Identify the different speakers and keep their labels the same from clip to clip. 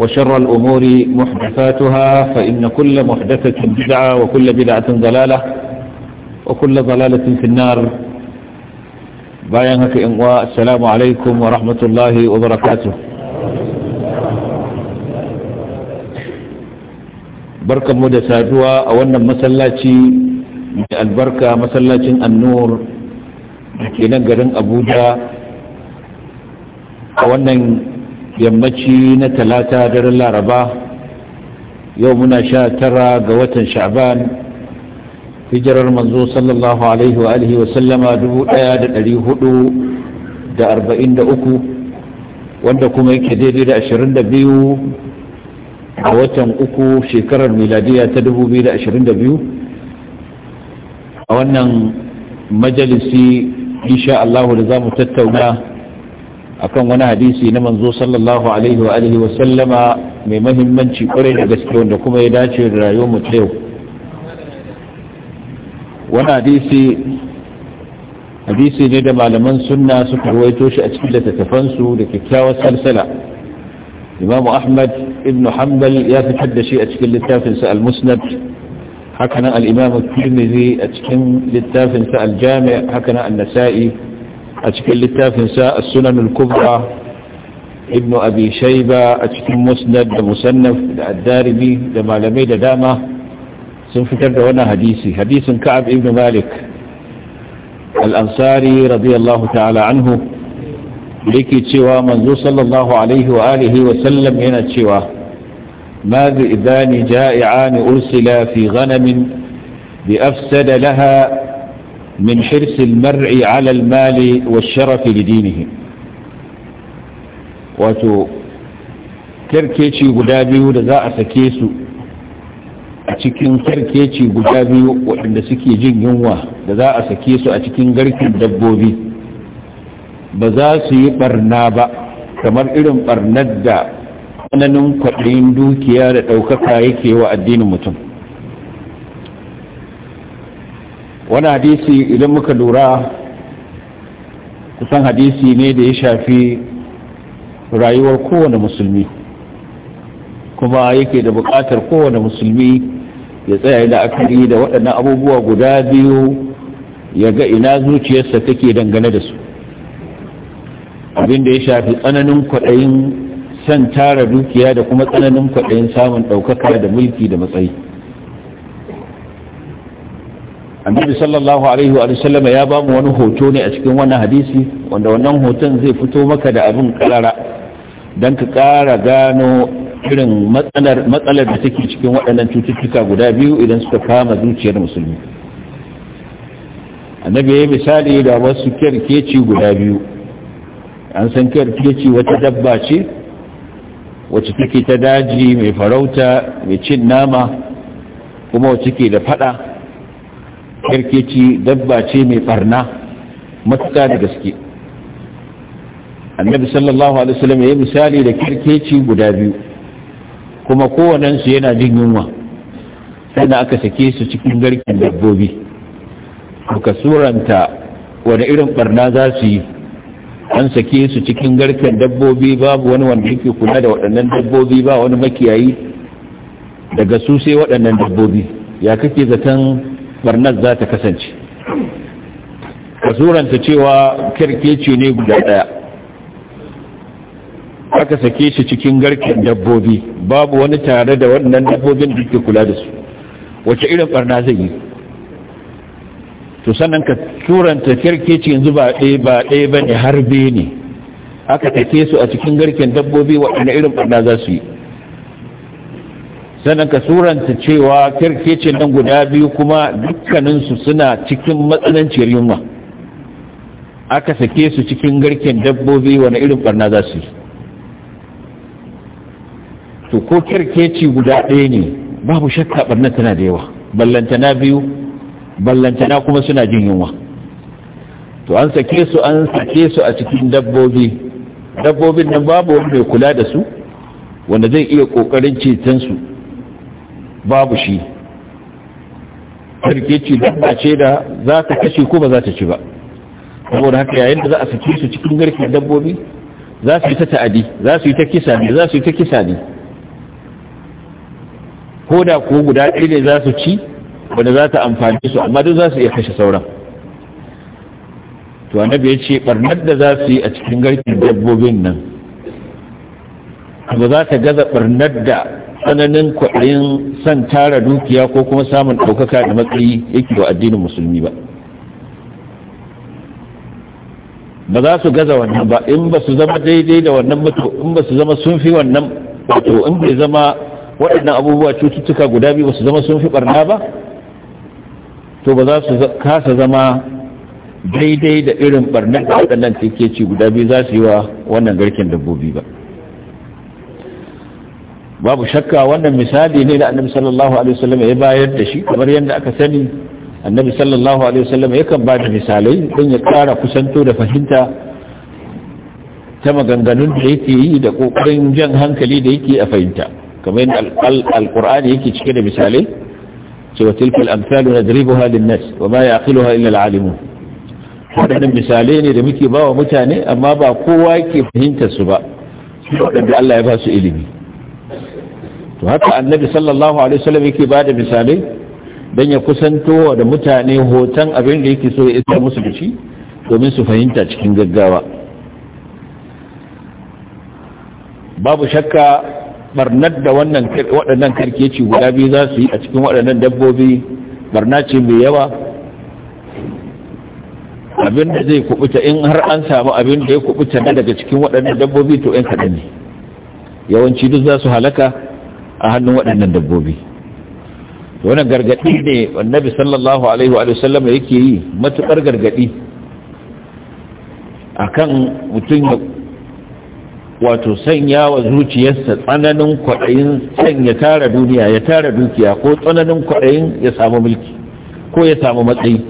Speaker 1: وشر الأمور محدثاتها فإن كل محدثة بدعة وكل بدعة ضلالة وكل ضلالة في النار بايانك إنواء السلام عليكم ورحمة الله وبركاته بركة مدساتها أولا مسلاتي البركة مسلاتي النور لنقرن أبوها أولا yammaci na talata daren laraba yau muna sha tara ga watan sha'ban hijirar manzo sallallahu alaihi wa alihi wasallama dubu daya da dari hudu da arba'in da uku wanda kuma yake daidai da ashirin da biyu a watan uku shekarar miladiya ta dubu biyu da ashirin da biyu a wannan majalisi insha Allah da za mu tattauna akan wani hadisi na manzo sallallahu alaihi wa alihi wa sallama mai mahimmanci kwarai da gaske wanda kuma ya dace da rayuwar mu yau wani hadisi hadisi ne da malaman sunna suka ruwaito shi a cikin littattafan su da kyakkyawar salsala imam ahmad ibn hanbal ya fitar da shi a cikin littafin sa al-musnad hakanan al-imam at-tirmidhi a cikin littafin sa al-jami' hakanan an-nasa'i a cikin littafinsa a sunanul kubra ibn abi shaiba a cikin musnad da musannaf da addarimi da malamai da dama sun fitar da wannan hadisi hadisin ka'ab ibn malik al-ansari radiyallahu ta'ala anhu yake cewa manzo sallallahu alaihi wa alihi wa sallam yana cewa ma bi idani ja'i'an ursila fi ghanamin bi afsada laha من حرص المرء على المال والشرف لدينه wato karkeci guda biyu da za a sake su a cikin karkeci guda biyu waɗanda suke jin yunwa da za a sake su a cikin garkin dabbobi ba za su yi ɓarna ba kamar irin ɓarnar da tsananin kwaɗayin dukiya da ɗaukaka yake wa addinin mutum wani hadisi idan muka lura kusan hadisi ne da ya shafi rayuwar kowane musulmi kuma yake da bukatar kowane musulmi ya tsaya da akari da waɗannan abubuwa guda biyu ya ga ina zuciyarsa take dangane da su abinda ya shafi tsananin kwaɗayin san tara dukiya da kuma tsananin kwaɗayin samun ɗaukaka da mulki da matsayi annabi sallallahu alaihi wa sallam ya ba mu wani hoto ne a cikin wannan hadisi wanda wannan hoton zai fito maka da abin karara don ka kara gano irin matsalar da take cikin waɗannan cututtuka guda biyu idan suka kama zuciyar musulmi annabi ya misali da wasu kerkeci guda biyu an san kerkeci wata dabba ce wacce take ta daji mai farauta mai cin nama kuma wacce ke da fada kirkeci dabba ce mai barna matuka da gaske annabi sallallahu alaihi wasallam ya yi misali da kirkeci guda biyu kuma su yana jin yunwa da aka sake su cikin garkin dabbobi suka suranta wani irin barna za su yi an sake su cikin garken dabbobi babu wani wanda yake kula da waɗannan dabbobi ba wani makiyayi daga su sai waɗannan dabbobi ya kake zaton barnar za ta kasance ka suranta cewa kirkeci ne guda daya aka sake shi cikin garken dabbobi babu wani tare da waɗannan dabbobin da kula da su wace irin barna zai yi to sannan ka turanta kirkeci yanzu ba ɗaya ba ɗaya ba ne harbe ne aka take su a cikin garken dabbobi waɗanda irin barna za su yi sannan ka suranta cewa kirkicin nan guda biyu kuma dukkaninsu suna cikin matsananciyar yunwa aka sake su cikin garken dabbobi wani irin barna za su yi to ko kirkici guda ɗaya ne babu shakka barna tana da yawa ballantana biyu ballantana kuma suna jin yunwa to an sake su an sake su a cikin dabbobi dabbobin nan babu wani mai kula da su wanda zai iya ƙoƙarin cetonsu babu shi karke ce dabba ce da za ta kashe ko ba za ta ci ba saboda haka yayin da za a saki su cikin garke dabbobi za su yi ta ta'adi za su yi ta kisa ne za su yi ta kisa ne ko da ko guda ɗaya ne za su ci wanda za ta amfani su amma duk za su iya kashe sauran to annabi ya ce barnar da za su yi a cikin garkin dabbobin nan ba za ta gaza barnar da tsananin kwaɗayin son tara dukiya ko kuma samun ɗaukaka da matsayi yake wa addinin musulmi ba ba za su gaza wannan ba in ba su zama daidai da wannan mutu in ba su zama sun fi wannan wato in bai zama waɗannan abubuwa cututtuka guda biyu ba su zama sun fi ɓarna ba to ba za su kasa zama daidai da irin ɓarnar da waɗannan take ci guda biyu za su yi wa wannan garken dabbobi ba babu shakka wannan misali ne da annabi sallallahu alaihi wasallam ya bayar da shi kamar yadda aka sani annabi sallallahu alaihi wasallam yakan ba da misalai don ya ƙara kusanto da fahimta ta maganganun da yake yi da kokarin jan hankali da yake a fahimta kamar yadda alƙur'ani yake cike da misalai cewa tilkal amsalu nadribuha linnas wa ma yaqiluha illa alalimun waɗannan misalai ne da muke ba wa mutane amma ba kowa yake fahimtar su ba wadanda Allah ya ba su ilimi to haka annabi sallallahu alaihi wasallam yake ba da misalai don ya kusanto da mutane hoton abin da yake so ya isa musu da shi domin su fahimta cikin gaggawa babu shakka barnar da wannan waɗannan karkeci guda biyu za su yi a cikin waɗannan dabbobi barna ce mai yawa abin da zai kubuta in har an samu abin da ya kubuta na daga cikin waɗannan dabbobi to 'yan kaɗan ne yawanci duk za su halaka a hannun waɗannan dabbobi wani gargaɗi ne annabi sallallahu alaihi wa sallam yake yi matuƙar gargaɗi kan mutum ya wato sanya wa zuciyarsa tsananin kwaɗayin sanya ya tara duniya ya tara dukiya ko tsananin kwaɗayin ya samu mulki ko ya samu matsayi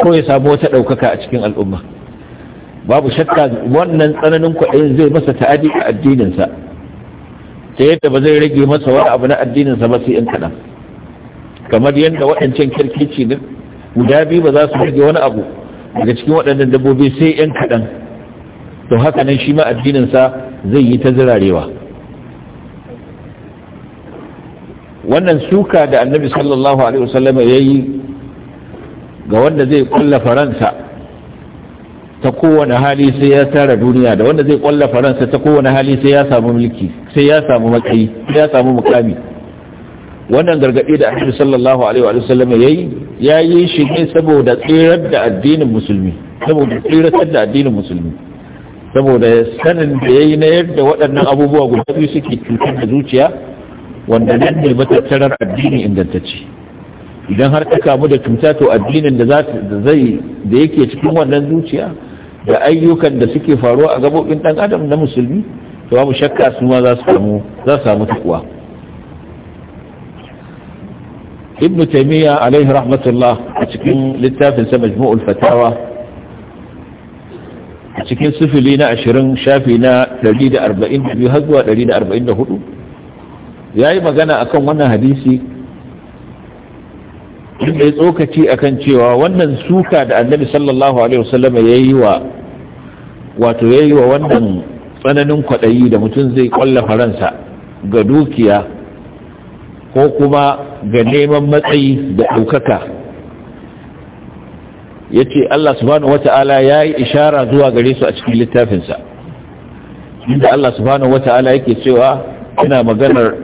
Speaker 1: ko ya samu wata ɗaukaka a cikin al'umma babu shakka wannan tsananin kwaɗayin zai masa ta'adi a addininsa ta yadda ba zai rage masa wani abu na sa ba sai in kaɗan kamar yadda waɗancan kirkici ne guda biyu ba za su rage wani abu daga cikin waɗannan dabbobi sai yan kaɗan to haka nan shi ma addinin sa zai yi ta zirarewa wannan suka da annabi sallallahu alaihi wasallam ya yi ga wanda zai kulla faransa ta kowane hali sai ya tara duniya da wanda zai kwalla faransa ta kowane hali sai ya samu mulki sai ya samu matsayi sai ya samu mukami wannan gargaɗi da annabi sallallahu alaihi wa sallam yayi yi shi ne saboda tsirar da addinin musulmi saboda tsirar da addinin musulmi saboda sanin da ya yi na yadda waɗannan abubuwa guda biyu suke cutar da zuciya wanda nan ne matattarar addini ingantacce idan har ka kamu da cuta to addinin da zai da yake cikin wannan zuciya da ayyukan da suke faruwa a gabobin dan adam na musulmi to babu shakka su ma za su samu za su samu takwa ibn taymiya alaihi rahmatullah a cikin littafin sa majmu'ul fatawa a cikin sifili na 20 shafi na 142 har zuwa 144 yayi magana akan wannan hadisi inda tsokaci akan cewa wannan suka da annabi sallallahu alaihi wasallam ya yi wa wato ya yi wa wannan tsananin kwaɗayi da mutum zai kwalla faransa ga dukiya ko kuma ga neman matsayi da ɗaukaka ya ce Allah subhanahu ta'ala ya yi ishara zuwa gare su a cikin littafinsa inda Allah subhanahu wata'ala yake cewa ina maganar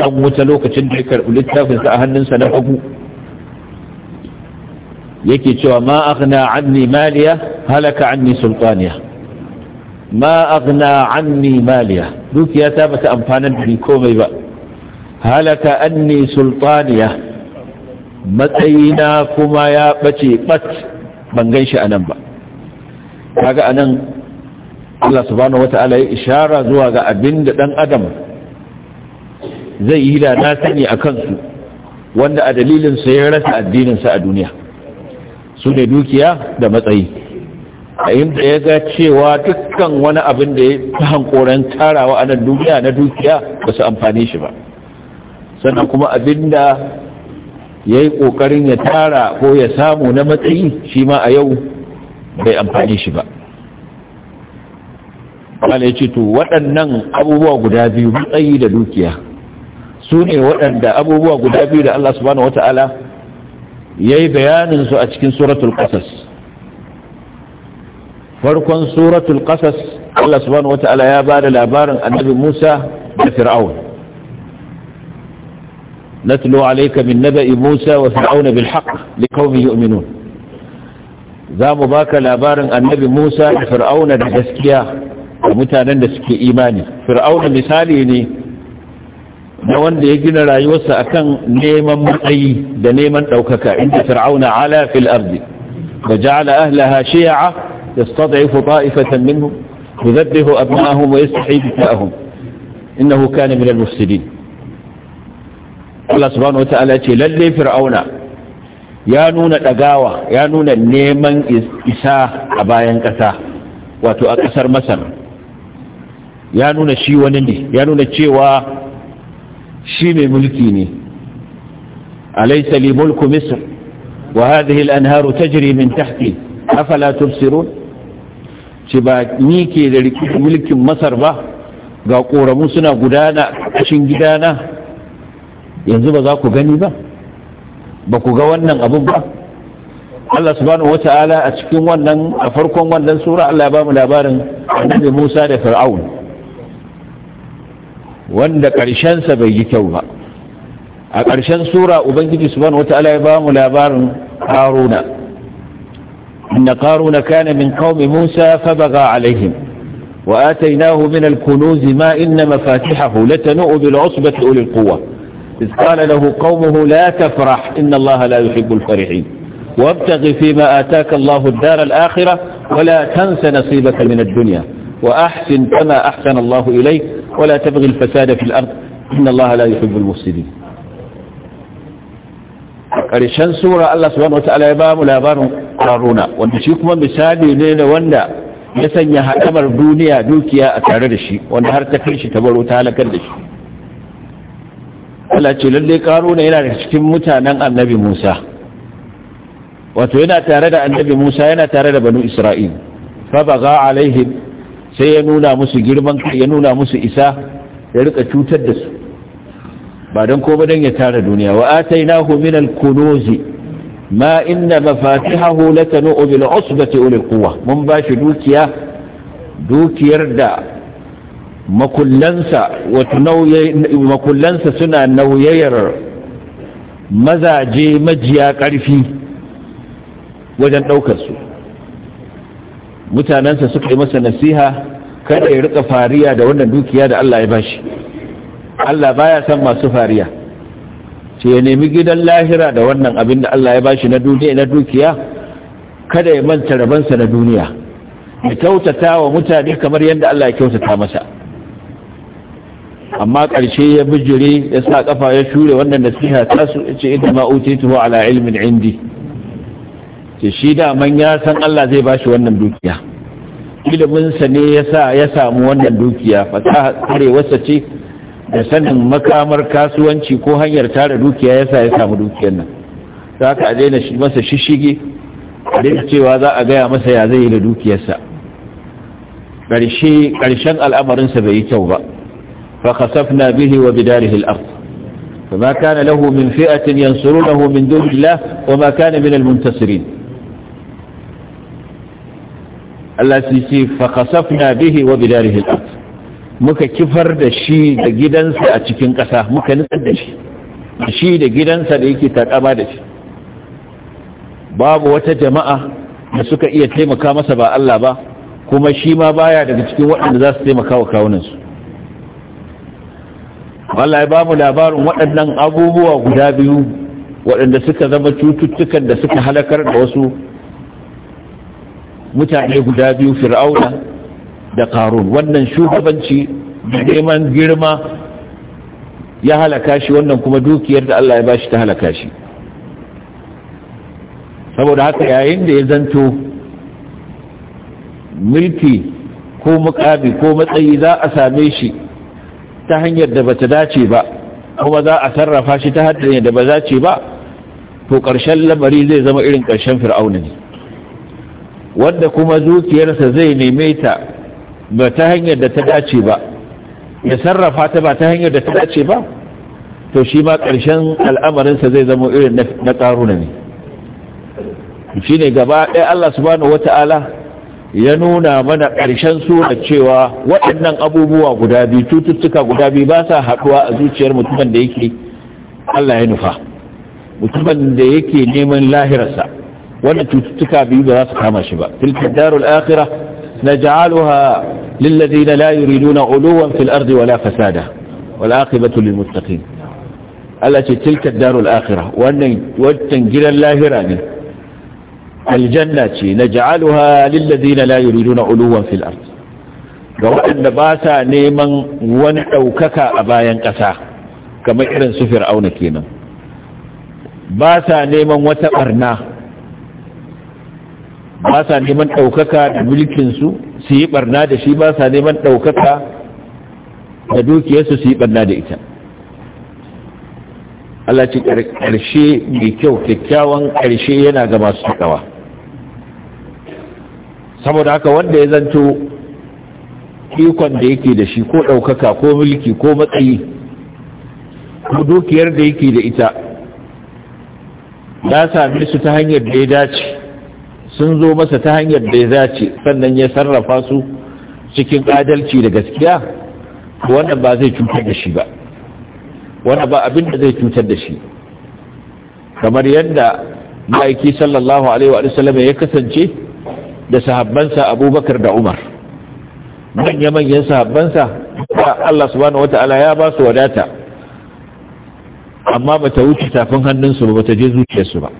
Speaker 1: ɗan wuta lokacin da ya karɓi littafinsa a hannunsa na hagu yake cewa ma aghna anni maliya halaka anni sultaniya ma aghna anni maliya dukiya ta bata amfanar da komai ba halaka anni sultaniya matsayina kuma ya bace bat ban gan shi anan ba kaga anan Allah subhanahu wata'ala ya ishara zuwa ga abinda da dan adam zai yi da na sani a kansu wanda a dalilin sa ya rasa addinin sa a duniya su ne dukiya da matsayi a inda ya ga cewa dukkan wani abin da ya fi hankoran tarawa a nan duniya na dukiya ba su amfani shi ba sannan kuma abin da ya yi ƙoƙarin ya tara ko ya samu na matsayi shi ma a yau bai amfani shi ba ya ce to waɗannan abubuwa guda biyu matsayi da dukiya su ne waɗanda abubuwa guda biyu da Allah subhanahu wata'ala yayi bayanin su a cikin suratul qasas farkon suratul qasas Allah subhanahu wataala ya bada labarin annabi Musa da Fir'aun natlu alayka min naba'i Musa wa Fir'aun bil haqq liqaumin yu'minun zamu baka labarin annabi Musa da Fir'aun da gaskiya a mutanen da suke imani Fir'aun misali ne na wanda ya gina rayuwarsa akan neman matsayi da neman ɗaukaka inda fir'auna ala fil ardi da ja'ala ahlaha shi'a yastad'ifu ta'ifatan minhum yudabbihu abna'ahum wa yastahi nisa'ahum innahu kana min al-mufsidin Allah subhanahu wata'ala ce lalle fir'auna ya nuna dagawa ya nuna neman isa a bayan kasa wato a kasar Masar ya nuna shi wani ne ya nuna cewa shi mai mulki ne alaysa li mulku misr wa hadhihi al-anharu tajri min tahti afala tubsirun ci ba ni ke da mulkin masar ba ga koramu suna gudana cikin gidana yanzu ba za ku gani ba ba ku ga wannan abun ba Allah subhanahu wata'ala a cikin wannan a farkon wannan sura Allah ya ba mu labarin annabi Musa da Fir'aun wanda ƙarshensa bai yi kyau ba a ƙarshen sura ubangiji subhanahu wata'ala ya ba mu labarin haruna inna qaruna kana min qaumi musa fabaga alaihim wa atainahu min al-kunuz ma inna mafatihahu latanu bil usbati ulil quwwa إذ قال له قومه لا تفرح إن الله لا يحب الفرحين وابتغ فيما آتاك الله الدار الآخرة ولا تنس نصيبك من الدنيا وأحسن كما أحسن الله إليك ولا تبغي الفساد في الأرض إن الله لا يحب المفسدين ƙarshen sura Allah subhanahu wata'ala ya ba mu labarin ƙaruna wanda shi kuma misali ne na wanda ya sanya haɗamar duniya dukiya a tare da shi wanda har ta kai shi ta baro ta halakar da shi Allah ce lalle ƙaruna yana da cikin mutanen annabi Musa wato yana tare da annabi Musa yana tare da banu Isra'il fa baga alaihim sai ya nuna musu girman ya nuna musu isa ya rika cutar da su ba don ko dan ya tara duniya wa atainahu min al-kunuzi ma inna mafatihahu latanu bil usbati ulil quwwa mun ba shi dukiya dukiyar da makullansa wato makullansa suna nauyayar mazaje majiya ƙarfi wajen ɗaukar su mutanensa suka yi masa nasiha kada ya rika fariya da wannan dukiya da Allah ya bashi Allah baya san masu fariya ce ya nemi gidan lahira da wannan abin da Allah ya bashi na duniya na dukiya kada ya manta rabansa na duniya ya kyautata wa mutane kamar yadda Allah ya kyautata masa amma ƙarshe ya bijire ya sa ƙafa ya shure wannan nasiha tasu su ce idan ma utituhu ala ilmin indi ce shi daman ya san Allah zai ba shi wannan dukiya iliminsa ne ya ya samu wannan dukiya fasaha wasa ce da sanin makamar kasuwanci ko hanyar tara dukiya ya sa ya samu dukiyar nan za ka daina masa shishige a cewa za a gaya masa ya zai yi da dukiyarsa ƙarshen al'amarinsa bai yi kyau ba fa khasafna bihi wa bidarihi al-ardh فما كان له من فئة min من wa ma kana min al-muntasirin Allah sai ce fa khasafna bihi wa bidarihi al-ard muka kifar da shi da gidansa a cikin ƙasa muka nutsar da shi shi da gidansa da yake takama da shi babu wata jama'a da suka iya taimaka masa ba Allah ba kuma shi ma baya daga cikin waɗanda za su taimaka wa kawunansu Allah ya ba mu labarin waɗannan abubuwa guda biyu waɗanda suka zama cututtukan da suka halakar da wasu mutane guda biyu fir'auna da karun wannan shugabanci da neman girma ya halaka shi wannan kuma dukiyar da Allah ya bashi ta halaka shi saboda haka yayin da ya zanto mulki ko mukabi ko matsayi za a same shi ta hanyar da bata dace ba kuma za a sarrafa shi ta hanyar da ba za ce ba to ƙarshen lamari zai zama irin ƙarshen fir'auna ne wanda kuma dukiyarsa zai neme ta ba ta hanyar da ta dace ba ya sarrafa ta ba ta hanyar da ta dace ba to shi ma ƙarshen al'amarinsa zai zama irin na ƙaruna ne shi ne gaba ɗaya Allah subhanahu wata'ala ya nuna mana ƙarshen suna cewa waɗannan abubuwa guda biyu cututtuka guda biyu ba sa haɗuwa a zuciyar mutumin da yake Allah ya nufa mutumin da yake neman lahirarsa wannan cututtuka biyu ba za su kama shi ba tilka darul akhirah naj'aluha lil ladina la yuriduna uluwan fil ardi wala fasada wal aqibatu lil muttaqin Allah ce tilka darul akhirah wannan wannan gidan lahira ne aljanna ce na naj'aluha lil ladina la yuriduna uluwan fil ardi ga waɗanda ba sa neman wani ɗaukaka a bayan ƙasa kamar irin su fir'auna kenan ba sa neman wata ɓarna ba sa neman ɗaukaka da mulkinsu su yi barna da shi ba sa neman ɗaukaka da dukiyarsu su yi barna da ita Allah ce ƙarshe mai kyau kyakkyawan ƙarshe yana ga masu taƙawa saboda haka wanda ya zanto ikon da yake da shi ko ɗaukaka ko mulki ko matsayi ko dukiyar da yake da ita ya same su ta hanyar da ya dace sun zo masa ta hanyar da ya zace sannan ya sarrafa su cikin adalci da gaskiya wannan ba zai cutar da shi ba wannan ba abin da zai cutar da shi kamar yadda ma'aiki sallallahu alaihi wa sallam ya kasance da sahabbansa abubakar da umar manya-manyan sahabbansa Allah subhanahu wata'ala ya ba su wadata amma ba ta wuce tafin hannunsu ba ba ta je zuciyarsu ba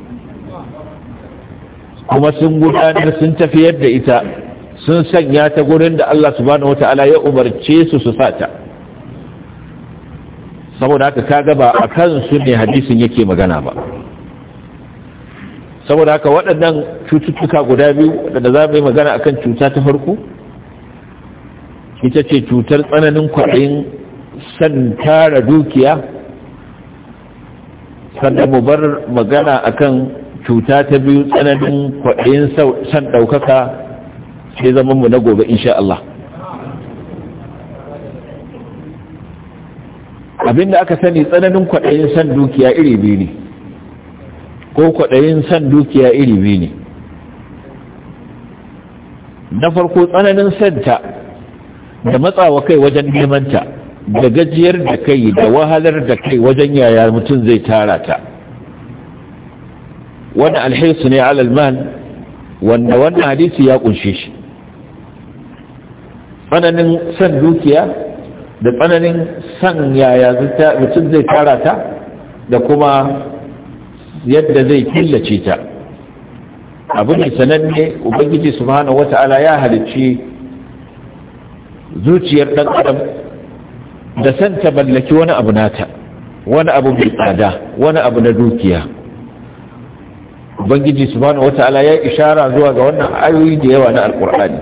Speaker 1: kuma sun gudanar sun tafiyar da ita sun sanya ta gurin da Allah subhanahu wata'ala ya umarce su su sata saboda haka ka gaba a su ne hadisin yake magana ba saboda haka waɗannan cututtuka guda biyu waɗanda za mu yi magana akan cuta ta farko ita ce cutar tsananin kwaɗayin san tara dukiya sannan mu bar magana akan cuta ta biyu tsananin kwaɗayin san ɗaukaka sai zamanmu na gobe insha Allah abinda aka sani tsananin kwaɗayin san dukiya iri biyu ne ko kwaɗayin san dukiya iri biyu ne na farko tsananin santa da matsawa kai wajen nemanta da gajiyar da kai da wahalar da kai wajen yaya mutum zai tara ta Wani alhisu ne alal mal wanda wannan hadisi ya kunshe shi tsananin san dukiya da tsananin san yaya mutum zai tara ta da kuma yadda zai killace ta abin da sananne ubangiji subhanahu wata'ala ya halicci zuciyar dan adam da san ta mallaki wani abu nata wani abu mai tsada wani abu na dukiya ubangiji subhanahu wata'ala ya ishara zuwa ga wannan ayoyi da yawa na alqur'ani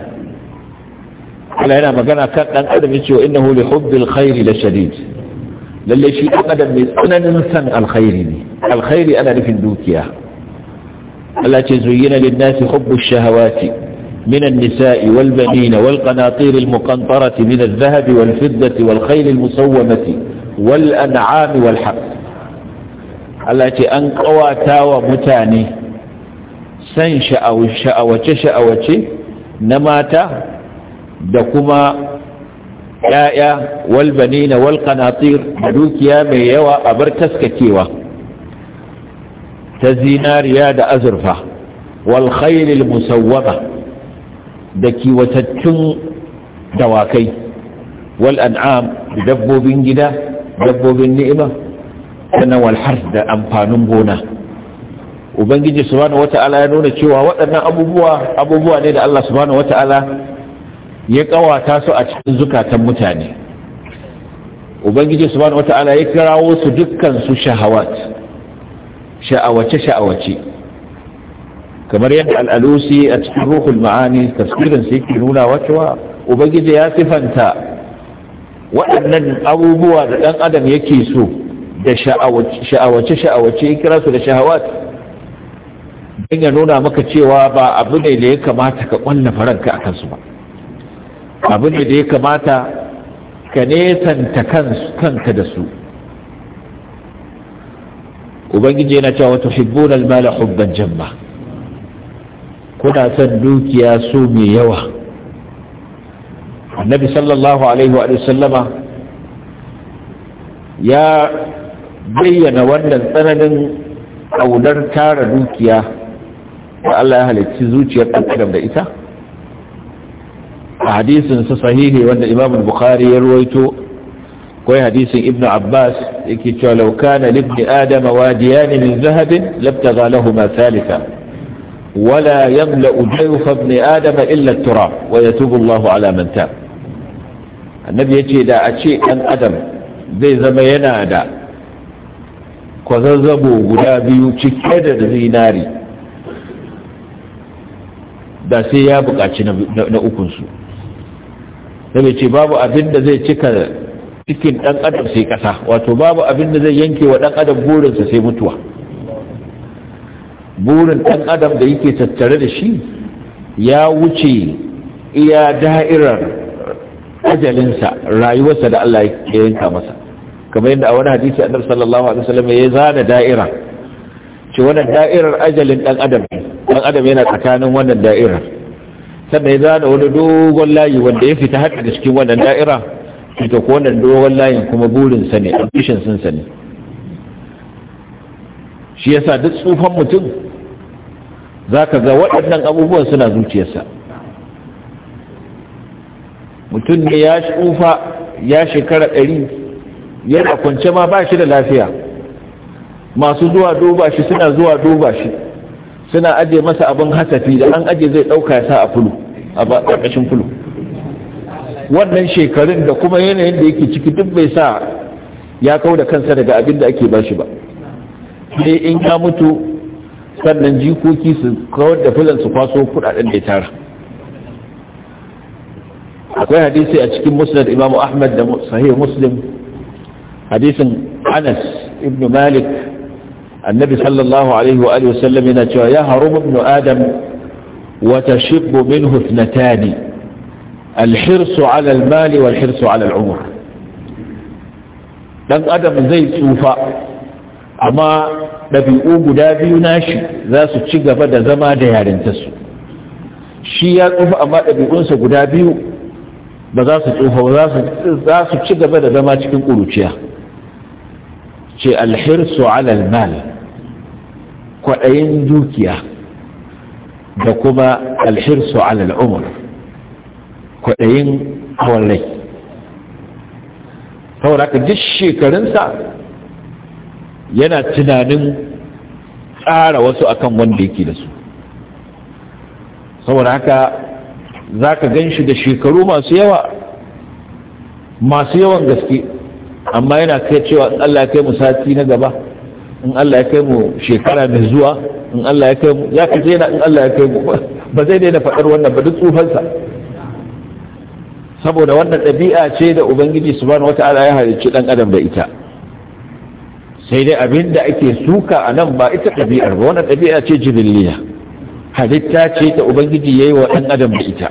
Speaker 1: Allah yana magana kan dan adam yace wa innahu li hubbil khairi la shadid lalle shi dan adam mai tsananin san alkhairi ne alkhairi ana nufin dukiya Allah ce zuyyina lin nasi hubbush shahawati من النساء والبنين والقناطير المقنطرة من الذهب والفضة والخيل المصومة والأنعام والحق Allah ce an kawata san sha'awace-sha'awace na mata da kuma ‘ya'ya walbani na walƙanatir da dukiya mai yawa a bar taskakewa ta zinariya da azurfa walkhailil musawwama da kiwatattun dawakai wal'an'am dabbobin gida dabbobin ni'ima sannan walhars da amfanin gona ubangiji subhanahu wata'ala ya nuna cewa waɗannan abubuwa abubuwa ne da Allah subhanahu wata'ala ya kawata su a cikin zukatan mutane ubangiji subhanahu wata'ala ya kirawo su dukkan su shahawat sha'awace sha'awace kamar yadda al'alusi a cikin ruhul ma'ani tafsirin su yake nuna wacewa ubangiji ya sifanta waɗannan abubuwa da ɗan adam yake so da sha'awace sha'awace ya kira su da shahawat in ya nuna maka cewa ba abu ne da ya kamata ka ƙwalla faranka a kansu ba abu ne da ya kamata ka nesanta kanka da su ubangiji yana cewa wata hibbun almala hubban jamma kuna son dukiya so mai yawa annabi sallallahu alaihi wa sallama ya bayyana wannan tsananin ƙaunar tara dukiya wa Allah ya halicci zuciyar ɗan adam da ita a hadisin sa sahihi wanda Imam Bukhari ya ruwaito kai hadisin Ibn Abbas yake cewa law kana li ibn adam wadiyan min dhahab labtagha lahumā thalitha ولا يملأ جوف ابن آدم إلا التراب ويتوب الله alamanta? من تاب النبي يجي دا أشيء أن zai zama yana da kwazazzabo guda biyu cike da zinari da sai ya buƙaci na ukunsu sai ce babu abin da zai cika cikin ɗan adam sai ƙasa wato babu abin da zai yanke wa ɗan adam burinsa sai mutuwa burin ɗan adam da yake tattare da shi ya wuce iya da'irar ajalinsa rayuwarsa da Allah ya yanka masa kamar yadda a wani hadisi annabi sallallahu alaihi wasallam ya zana da'ira ce wannan da'irar ajalin dan adam dan adam yana tsakanin wannan da'irar sannan ya zana wani dogon layi wanda ya fita har da cikin wannan da'ira ita ko wannan dogon layin kuma burin sa ne ambition sun sa ne shi yasa duk tsufan mutum zaka ga waɗannan abubuwan suna zuciyarsa mutum ne ya tsufa ya shekara ɗari yana kwance ma ba shi da lafiya masu zuwa duba shi suna zuwa duba shi suna aje masa abin hasafi da an aje zai ɗauka ya sa a fulu a ƙarƙashin fulu wannan shekarun da kuma yanayin da yake ciki duk bai sa ya kau da kansa daga abin da ake bashi ba sai in ya mutu sannan jikoki su kawar da fulan su kwaso kudaden da ya tara akwai hadisi a cikin musnad imam ahmad da sahih muslim hadisin anas ibn malik annabi sallallahu alaihi wa alihi wasallam yana cewa ya harum ibn adam wa tashibbu minhu ithnatani الحرص على المال والحرص على العمر dan adam zai tsufa amma ɗabi'u guda biyu nashi za su ci gaba da zama da su shi ya tsufa amma ɗabi'unsa guda biyu ba za su tsufa ba za su ci gaba da zama cikin ƙuruciya ce alhirsu alal mal kwaɗayin dukiya da kuma alhirsu alal kwaɗayin kawallai saboda haka duk shekarunsa yana tunanin tsara wasu akan wanda yake da su saboda haka za ka gan shi da shekaru masu yawa masu yawan gaske amma yana kai cewa Allah kai mu sati na gaba in Allah ya kai mu shekara mai zuwa in Allah ya kai mu ya ka daina in Allah ya kai mu ba zai daina faɗar wannan ba duk tsufansa saboda wannan ɗabi'a ce da ubangiji subhanahu wata'ala ya halicci ɗan adam da ita sai dai abin da ake suka a nan ba ita ɗabi'ar ba wannan ɗabi'a ce jibiliya halitta ce ta ubangiji ya yi wa ɗan adam da ita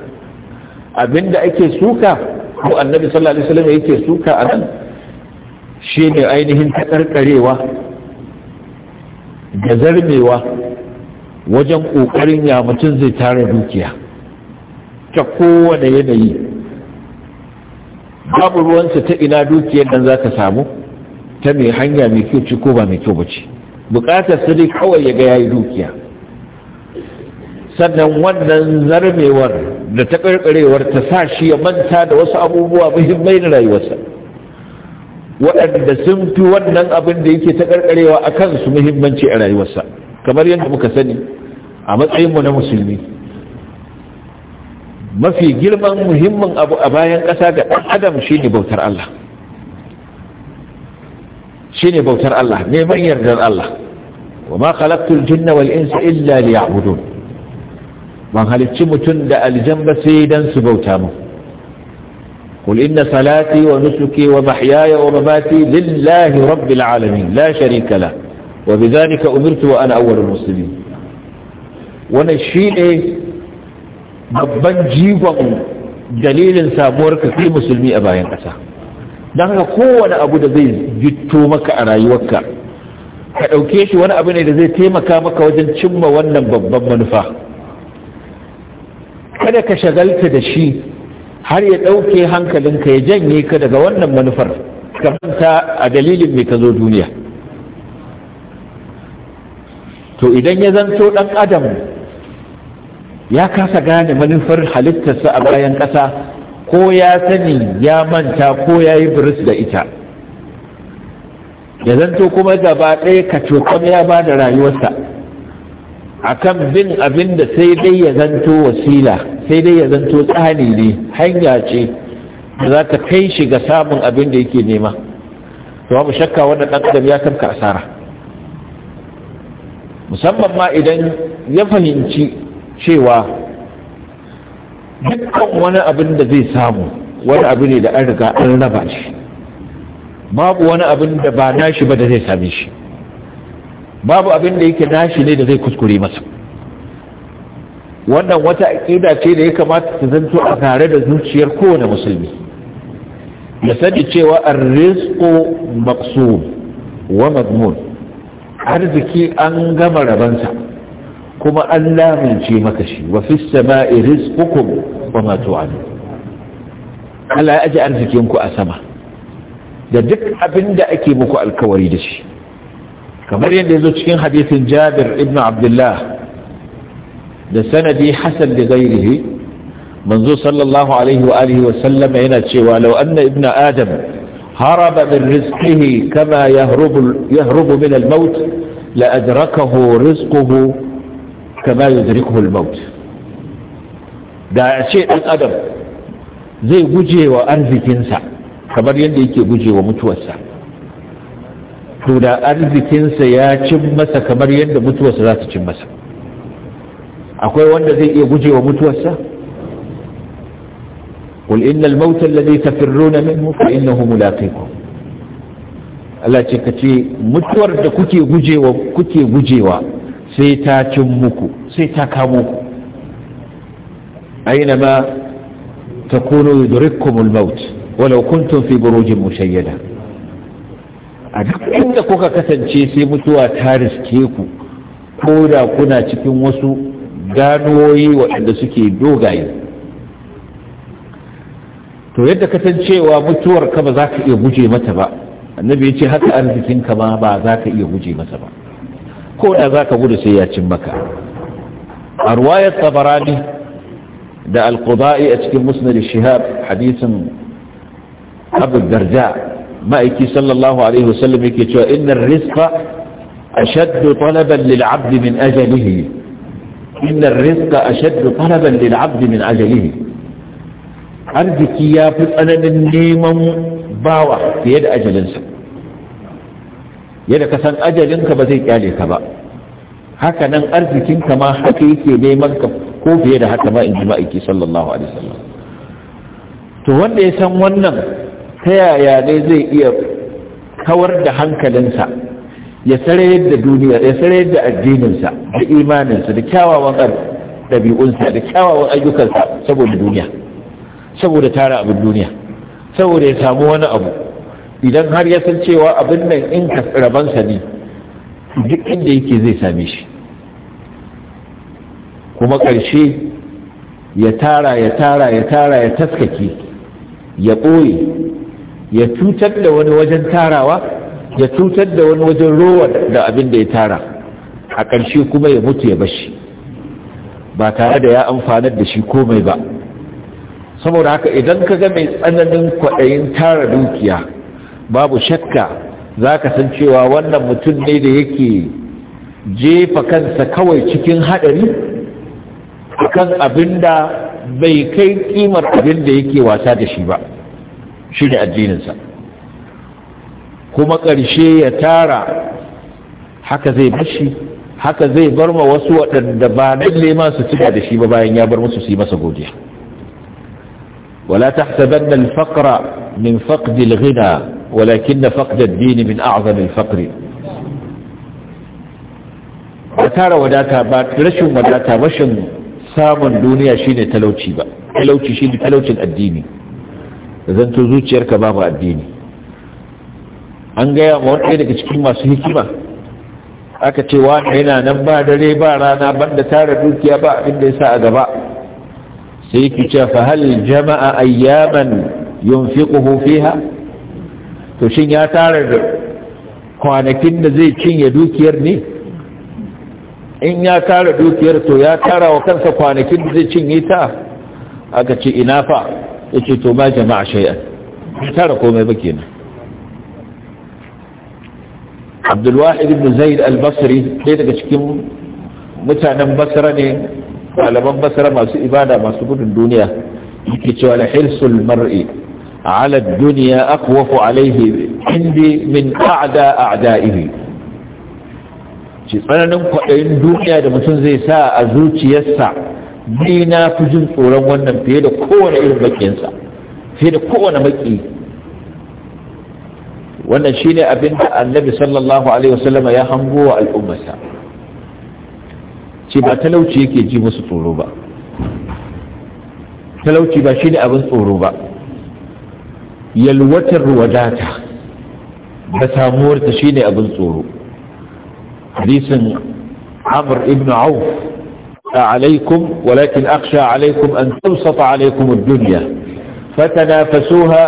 Speaker 1: abin da ake suka ko annabi sallallahu alaihi wasallam yake suka a nan shi ne ainihin taƙarƙarewa da zarmewa wajen ƙoƙarin ya mutum zai tara dukiya ta kowane yanayi babu ruwansa ta ina dukiyar nan za ka samu ta mai hanya mai kyau ce ko ba mai kyau ba ce bukatar su dai kawai ya ga yayi dukiya sannan wannan zarmewar da ta karkarewar ta sa shi ya manta da wasu abubuwa muhimmai na rayuwarsa waɗanda sun fi wannan abin da yake ta karkarewa a kansu muhimmanci a rayuwarsa kamar yadda muka sani a matsayinmu na musulmi mafi girman muhimmin abu a bayan ƙasa ga ɗan adam shine bautar Allah bautar Allah neman yardar Allah wa ma khalaqtul jinna wal insa illa liya'budun ban halicci mutum da aljan sai dan su bauta mu قل إن صلاتي ونسكي ومحياي ومماتي لله رب العالمين لا شريك له وبذلك أمرت وأنا أول المسلمين وانا ونشيئ إيه؟ ببن جيبا جليل سابورك في مسلمي أباين أسا نحن قونا أبو دبي جدتو مكة أنا يوكا فأوكيش وانا أبني دزي تيمكا مكة وجن شم وانا ببن منفا كده كشغلت دشيئ har ya ɗauke hankalinka ya janye ka daga wannan manufar ka manta a dalilin mai ka zo duniya to idan ya zanto ɗan adam ya kasa gane manufar halittarsa a bayan ƙasa ko ya sani ya manta ko ya yi biris da ita ya zanto kuma gaba ɗaya ka cokam ya ba da rayuwarsa kan bin abin da sai dai ya zanto wasila sai dai ya zanto tsani ne hanya ce da za ta kai shi ga samun abin da yake nema to babu shakka wannan ɗan adam ya tafka asara musamman ma idan ya fahimci cewa dukkan wani abin da zai samu wani abu ne da an riga an raba shi babu wani abin da ba nashi ba da zai same shi babu abin da yake nashi ne da zai kuskure masa wannan wata aƙida ce da ya kamata ta zanto a tare da zuciyar kowane musulmi ya sani cewa arrizqu maksu wa madmun arziki an gama rabansa kuma an lamince maka shi wa fis sama'i rizqukum wa ma Allah ya aje arzikinku a sama da duk abin da ake muku alkawari da shi kamar yadda ya zo cikin hadisin Jabir ibn Abdullah da sanadi hasan da gairihi manzo sallallahu alaihi wa alihi wa sallama yana cewa law anna ibna adam haraba min rizqihi kama yahrubu yahrubu min al-maut la adrakahu rizquhu kama yudrikuhu al-maut da ya ce dan adam zai guje wa arzikinsa kamar yadda yake guje wa mutuwarsa to da arzikinsa ya cin masa kamar yadda mutuwarsa za ta cin masa akwai wanda zai iya gujewa mutuwarsa qul innal mauta ce ka ce mutuwar da kuke gujewa kuke gujewa sai ta cin muku sai ta kamo ku aina ma takunu yudrikkumul a duk inda kuka kasance sai mutuwa ta riske ku ko da kuna cikin wasu ganuwoyi waɗanda suke dogaye to yadda ka san cewa mutuwar ka ba za ka iya guje mata ba annabi ya ce haka arzikin ka ma ba za ka iya guje masa ba ko da za ka gudu sai ya cin maka a ruwayar tabarani da alkuda'i a cikin musnad shihab hadisin abu darja ma'aiki sallallahu alaihi wasallam yake cewa inna rizqa ashaddu talaban lil abdi min ajalihi inna rizqa ashaddu talaban lil 'abd min ajalihi arziki ya fi tsananin neman bawa fiye da ajalinsa yadda ka san ajalinka ba zai kyale ka ba haka nan arzikinka ma haka yake neman ka ko fiye da haka ma in ji ma'aiki sallallahu alaihi wasallam to wanda ya san wannan ta yaya ne zai iya kawar da hankalinsa ya sare da duniya ya sarayar da addininsa da imaninsa da kyawawan ɗabi'unsa da kyawawan ayyukansa saboda duniya saboda tara abin duniya saboda ya samu wani abu idan har ya san cewa abin nan in rabansa ne duk inda yake zai same shi kuma ƙarshe ya tara ya tara ya tara ya taskake ya ɓoye ya cutar da wani wajen tarawa ya cutar da wani wajen rowa da abin da ya tara a ƙarshe kuma ya mutu ya bashi ba tare da ya amfanar da shi komai ba saboda haka idan ka ga mai tsananin kwaɗayin tara dukiya babu shakka za ka san cewa wannan mutum ne da yake jefa kansa kawai cikin haɗari kan abin da bai kai ƙimar abin da yake wasa da shi ba shi ne addininsa kuma ƙarshe ya tara haka zai bashi haka zai bar ma wasu waɗanda ba lalle ma su ci da shi ba bayan ya bar musu su yi masa godiya wala tahsabanna al-faqra min faqd al-ghina walakin faqd ad-din min a'zam al-faqr ba tara wadata ba rashin wadata rashin samun duniya shine talauci ba talauci shine talaucin addini zanto zuciyarka babu addini an gaya wa wani daga cikin masu hikima aka ce wa yana nan ba dare ba rana banda tara dukiya ba abin da ya a gaba sai yake cewa fa hal jama'a ayyaman yunfiquhu fiha to shin ya tara da kwanakin da zai cinye dukiyar ne in ya tara dukiyar to ya tara wa kansa kwanakin da zai cinye ta aka ce ina fa yace to ma jama'a shay'an tara komai ba kenan abdulwahid ibn zaid al-basri ɗaya daga cikin mutanen basra ne ɗaliban basra masu ibada masu gudun duniya yake cewa la hirsul mar'i ala dunya aqwafu alayhi indi min a'da a'da'ihi ci tsananin kwaɗayin duniya da mutum zai sa a zuciyarsa ni na fi jin tsoron wannan fiye da kowane irin bakinsa fiye da kowane maki wannan shine abin da annabi sallallahu alaihi wasallama ya hango wa al'ummarsa ce ba talauci yake ji musu tsoro ba talauci ba shine abin tsoro ba yalwatar wadata da samuwar ta shine abin tsoro hadisin amr ibn auf عليكم ولكن أخشى عليكم أن تبسط عليكم الدنيا فتنافسوها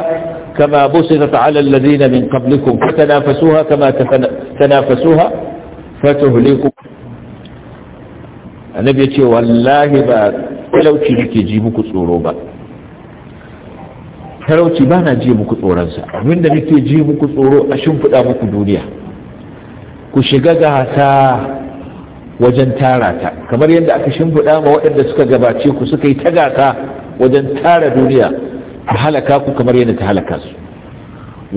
Speaker 1: كما بسطت على الذين من قبلكم فتنافسوها كما تنافسوها فتهلكوا annabi ya ce wallahi ba talauci nake ji muku tsoro ba talauci ba na ji muku tsoronsa abinda nake ji muku tsoro a shimfiɗa muku duniya ku shiga gasa wajen tara ta kamar yadda aka shimfiɗa ma waɗanda suka gabace ku suka yi ta gasa wajen tara duniya ta halaka ku kamar yadda ta halaka su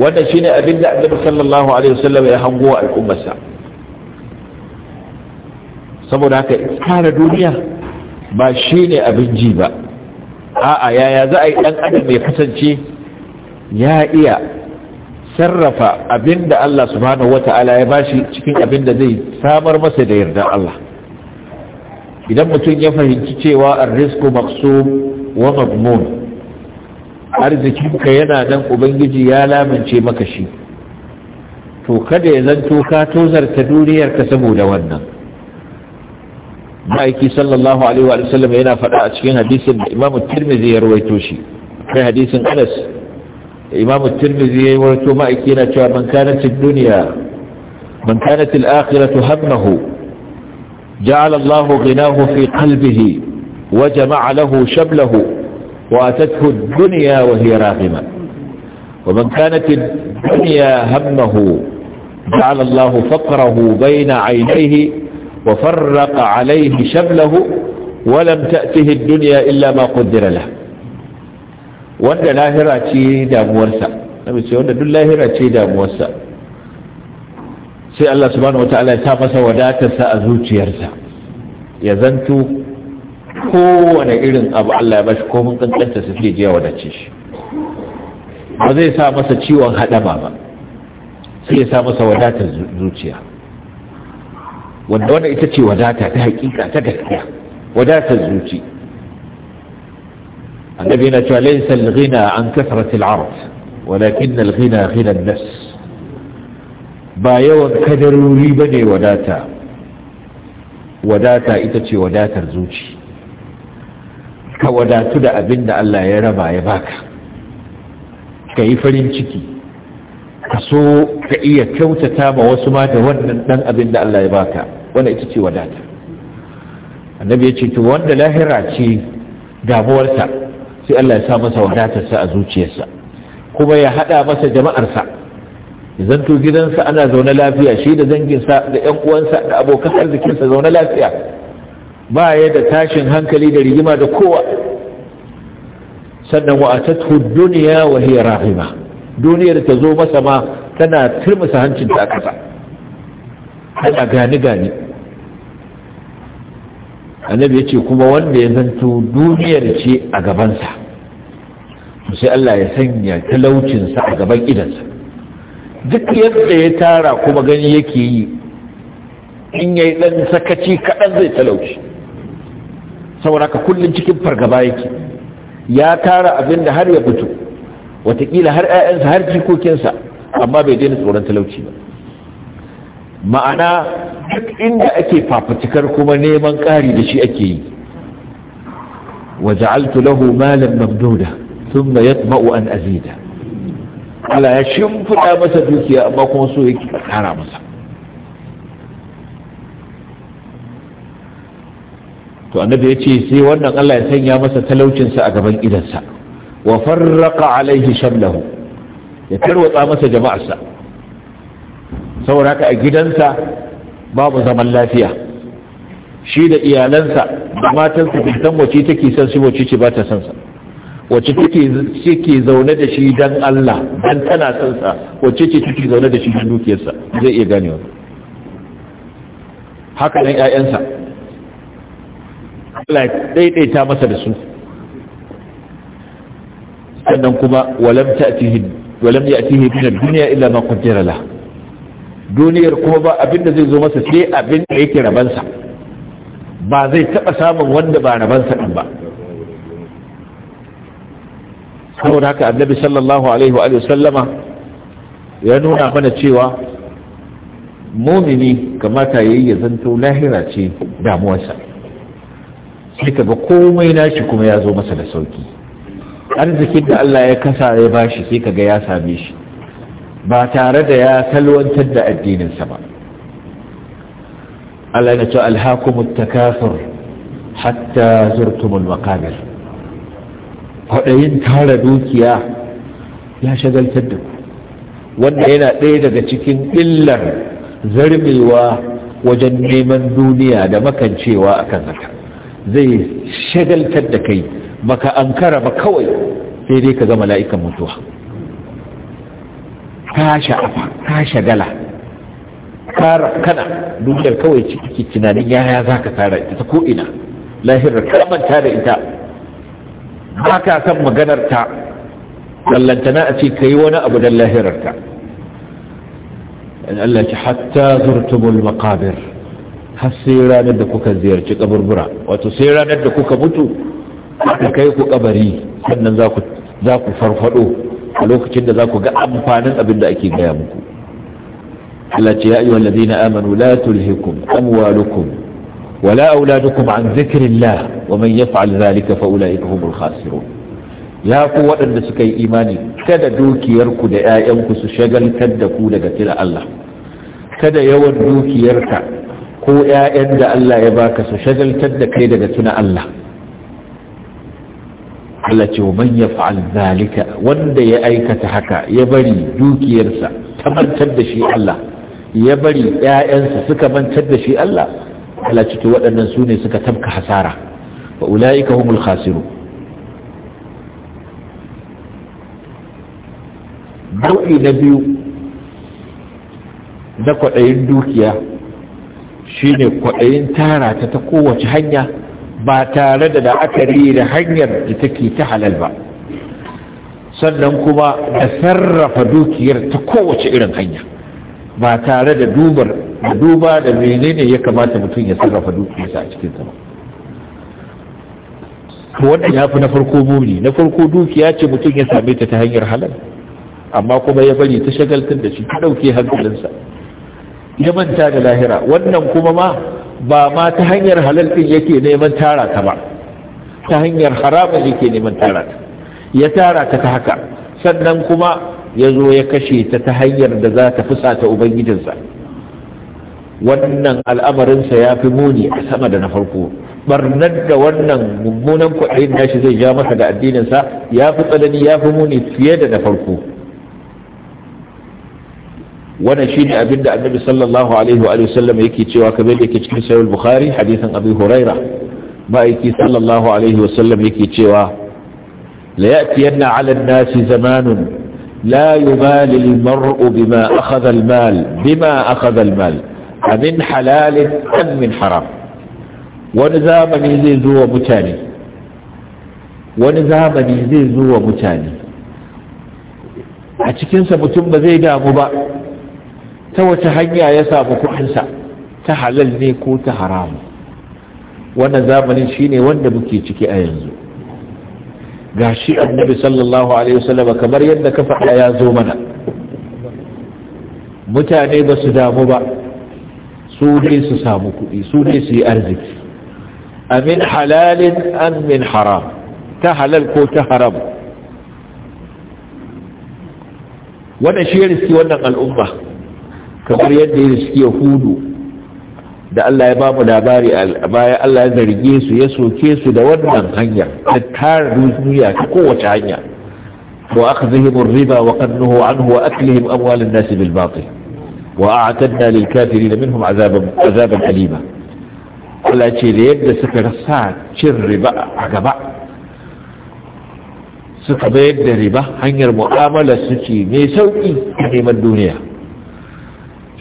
Speaker 1: wannan shine abin da annabi sallallahu alaihi wasallam ya hango wa al'ummarsa saboda haka tsara duniya ba ne abin ji ba a'a yaya za a yi dan adam ya kasance ya iya sarrafa abin da Allah subhanahu wata'ala ya bashi cikin abin da zai samar masa da yardar Allah idan mutum ya fahimci cewa arrisku maqsum wa madmun arzikinka yana nan ubangiji ya lamince maka shi to kada ya zanto ka tozarta duniyarka saboda wannan ma'aiki sallallahu alaihi wa sallam yana faɗa a cikin hadisin da imamu Tirmizi ya rawaito shi kai hadisin anas imamu tirmidhi ya rawaito ma'aiki yana cewa man kanat ad duniya. man kanat al-akhiratu hammahu ja'ala Allahu ghinahu fi qalbihi wa jama'a lahu shablahu وأتته الدنيا وهي راغمة ومن كانت الدنيا همه جعل الله فقره بين عينيه وفرق عليه شمله ولم تأته الدنيا إلا ما قدر له وأن الله رأتيه موسى وأن الله رأتيه موسى سيء الله سبحانه وتعالى يتافس وداتس أذوتي يرسى يزنتو kowane irin abu Allah ya bashi komin kankanta su ke jiya wadace shi ba zai sa masa ciwon haɗama ba sai ya sa masa wadatar zuciya wanda wanda ita ce wadata ta hakika ta gaskiya wadatar zuci annabi yana cewa laysa al-ghina an kasrat al-arad walakin al-ghina ghina an-nafs ba yawan kadarori bane wadata wadata ita ce wadatar zuci ka wadatu da abin da Allah ya raba ya baka ka yi farin ciki ka so ka iya kyautata ma wasu mata wannan dan abin da Allah ya baka wanda ita ce wadata annabi ya ce to wanda lahira ce damuwarsa sai Allah ya sa masa wadatarsa a zuciyarsa kuma ya hada masa jama'arsa zanto gidansa ana zaune lafiya shi da danginsa da 'yan uwansa da abokan arzikinsa zaune lafiya ba ya da tashin hankali da rigima da kowa sannan wa atathu dunya wa hiya rahima duniyar ta zo masa ma tana turmusa hancin ta kasa ana gani gani annabi ya ce kuma wanda ya zanto duniyar ce a gabansa sai Allah ya sanya talaucinsa a gaban idansa duk yadda ya tara kuma gani yake yi in yayi dan sakaci kaɗan zai talauci saboda ka kullum cikin fargaba yake ya tara abin da har ya fito watakila har 'ya'yansa har jikokinsa amma bai daina tsoron talauci ba ma'ana duk inda ake fafatikar kuma neman ƙari da shi ake yi wa ja'altu lahu malan mamduda thumma yatma'u an azida Allah ya shimfida masa dukiya amma kuma so yake ƙara masa to annabi ya ce sai wannan Allah ya sanya masa talaucinsa a gaban idansa wa farraqa alaihi shamlahu ya tarwatsa masa jama'arsa saboda haka a gidansa babu zaman lafiya shi da iyalansa da su bai san wace take son shi wace ce ba ta son sa wace take ke zaune da shi dan Allah dan tana son sa wace ce take zaune da shi dan dukiyarsa zai iya ganewa haka nan ƴaƴansa Allah daidaita masa da su sannan kuma walam ta'tihi walam ya'tihi min illa ma qaddara la duniyar kuma ba abin da zai zo masa sai abin da yake rabansa ba zai taɓa samun wanda ba rabansa ɗin ba
Speaker 2: saboda haka annabi
Speaker 1: sallallahu alaihi wa sallama ya nuna mana cewa mumini kamata yayi ya zanto lahira ce damuwarsa sai ga komai nashi kuma ya zo masa da sauki arzikin da Allah ya kasa ya bashi sai kaga ga ya same shi ba tare da ya salwantar da addininsa ba Allah ya ce alhakumut takasur hatta zurtumul maqabir kwaɗayin tara dukiya ya shagaltar da ku wanda yana ɗaya daga cikin illar zarmewa wajen neman duniya da makancewa akan haka zai shagaltar da kai baka ankara ba kawai sai dai ka gama la'ikan mutuwa ka sha'afa ka shagala kara kana duniyar kawai ciki tunanin yaya za ka tara ita ko lahirar karamanta da ita ba ka san maganarta. ta lallantana a ce ka yi wani abu don lahirarta. ta Allah hatta zurtumul maqabir har sai ranar da kuka ziyarci kaburbura wato sai ranar da kuka mutu aka kai ku kabari sannan za ku farfado a lokacin da za ku ga amfanin abin da ake gaya muku Allah ce ya ayyuha allazina amanu la tulhikum amwalukum wala auladukum an zikrillah wa man yaf'al dhalika fa ulaika humul khasirun ya ku waɗanda suka yi imani kada dukiyarku da 'ya'yanku su shagaltar da ku daga tira Allah kada yawan dukiyarka ko ‘ya'yan da Allah ya baka su shagaltar da kai daga tuna Allah Allah ce wa manya fa'al zalika wanda ya aikata haka ya bari dukiyarsa ta mantar da shi Allah ya bari ‘ya'yansa suka mantar da shi Allah Allah ce to waɗannan su ne suka tabka hasara wa ula'ika humul khasiru nau'i na biyu na kwaɗayin dukiya shine kwaɗayin tara ta ta kowace hanya ba tare da la'akari da hanyar da take ta halal ba sannan kuma da sarrafa dukiyar ta kowace irin hanya ba tare da dubar da duba da menene ya kamata mutum ya sarrafa dukiyarsa a cikin ba wannan ya fi na farko buri na farko dukiya ce mutum ya same ta ta hanyar halal amma kuma ya bari ta shagaltar da shi ta ɗauke hankalinsa ya manta da lahira wannan kuma ma ba ma ta hanyar halal din yake neman tara ta ba ta hanyar haramun yake neman tara ta ya tara ta ta haka sannan kuma ya zo ya kashe ta ta hanyar da za ta ta ubangijinsa wannan al'amarinsa ya fi muni a sama da na farko barnar da wannan mummunan kwaɗayin nashi zai ja masa da addininsa ya fi tsanani ya fi muni fiye da na farko wannan shine abin da annabi sallallahu alaihi wa sallam yake cewa kamar da yake cikin sahih bukhari hadisin abi huraira ma'aiki sallallahu alaihi wa sallam yake cewa la ya'tiyanna 'ala an-nasi zamanun la yubali al-mar'u bima akhadha al-mal bima akhadha al-mal amin halalin am min haram wani zamani zai zo wa mutane wani zamani zai zo wa mutane a cikinsa mutum ba zai damu ba ta wace hanya ya samu kuɗinsa ta halal ne ko ta haramu wannan zamanin shine wanda muke ciki a yanzu ga shi annabi sallallahu alaihi wasallam kamar yadda ka faɗa ya zo mana mutane ba su damu ba su dai su samu kuɗi su dai su yi arziki amin halalin an min haram ta halal ko ta haram wannan shi ya riski wannan al'umma kamar yadda ya suke hudu da Allah ya bamu labari a baya Allah ya zarge su ya soke su da wannan hanya ta tara duniya ta kowace hanya wa aka ar-riba wa qadnuhu anhu wa aklihim amwal an-nas bil batil wa a'tadna lil kafirin minhum azaban alima Allah ce da yadda suka rasa cin riba a gaba suka bayar da riba hanyar mu'amala suke mai sauki a neman duniya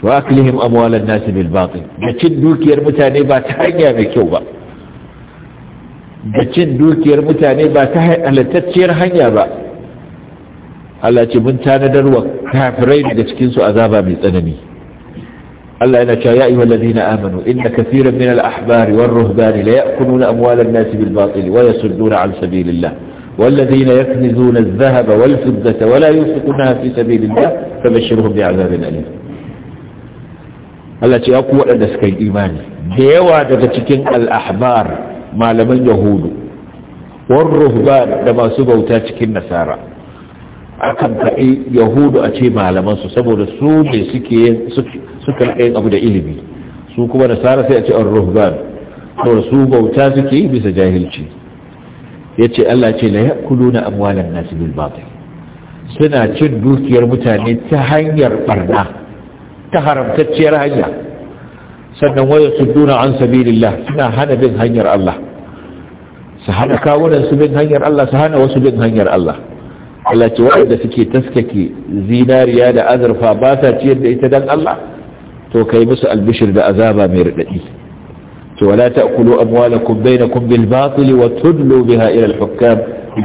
Speaker 1: واكلهم اموال الناس بالباطل جتين دوكير متاني با تانيا ميكيو با جتين دوكير متاني با تانيا لتتشير هنيا با الله يجب أن تانا دروا كافرين لتكنسوا أذابا من الأنمي الله إنك يا أيها الذين آمنوا إن كثيرا من الأحبار والرهبان ليأكلون أموال الناس بالباطل ويصدون عن سبيل الله والذين يكنزون الذهب والفضة ولا ينفقونها في سبيل الله فبشرهم بعذاب أليم Allah ce ya ku waɗanda suka yi imani da yawa daga cikin al'ahbar malaman yahudu warruhbar da masu bauta cikin nasara akan faɗi yahudu a ce malamansu saboda su ne suke yin suka abu da ilimi su kuma nasara sai a ce arruhbar saboda su bauta suke bisa jahilci ya ce Allah ce la yakuluna amwalan nasi bil batil suna cin dukiyar mutane ta hanyar barna ta haramtacciyar hanya sannan wayar su duna an sabilillah suna hana bin hanyar Allah su hana kawunan su bin hanyar Allah su hana wasu bin hanyar Allah Allah ce waɗanda suke taskake zinariya da azurfa ba sa ciyar da ita dan Allah to kai musu albishir da azaba mai raɗaɗi to wala ta'kulu amwalakum bainakum bil batil wa tudlu biha ila al-hukam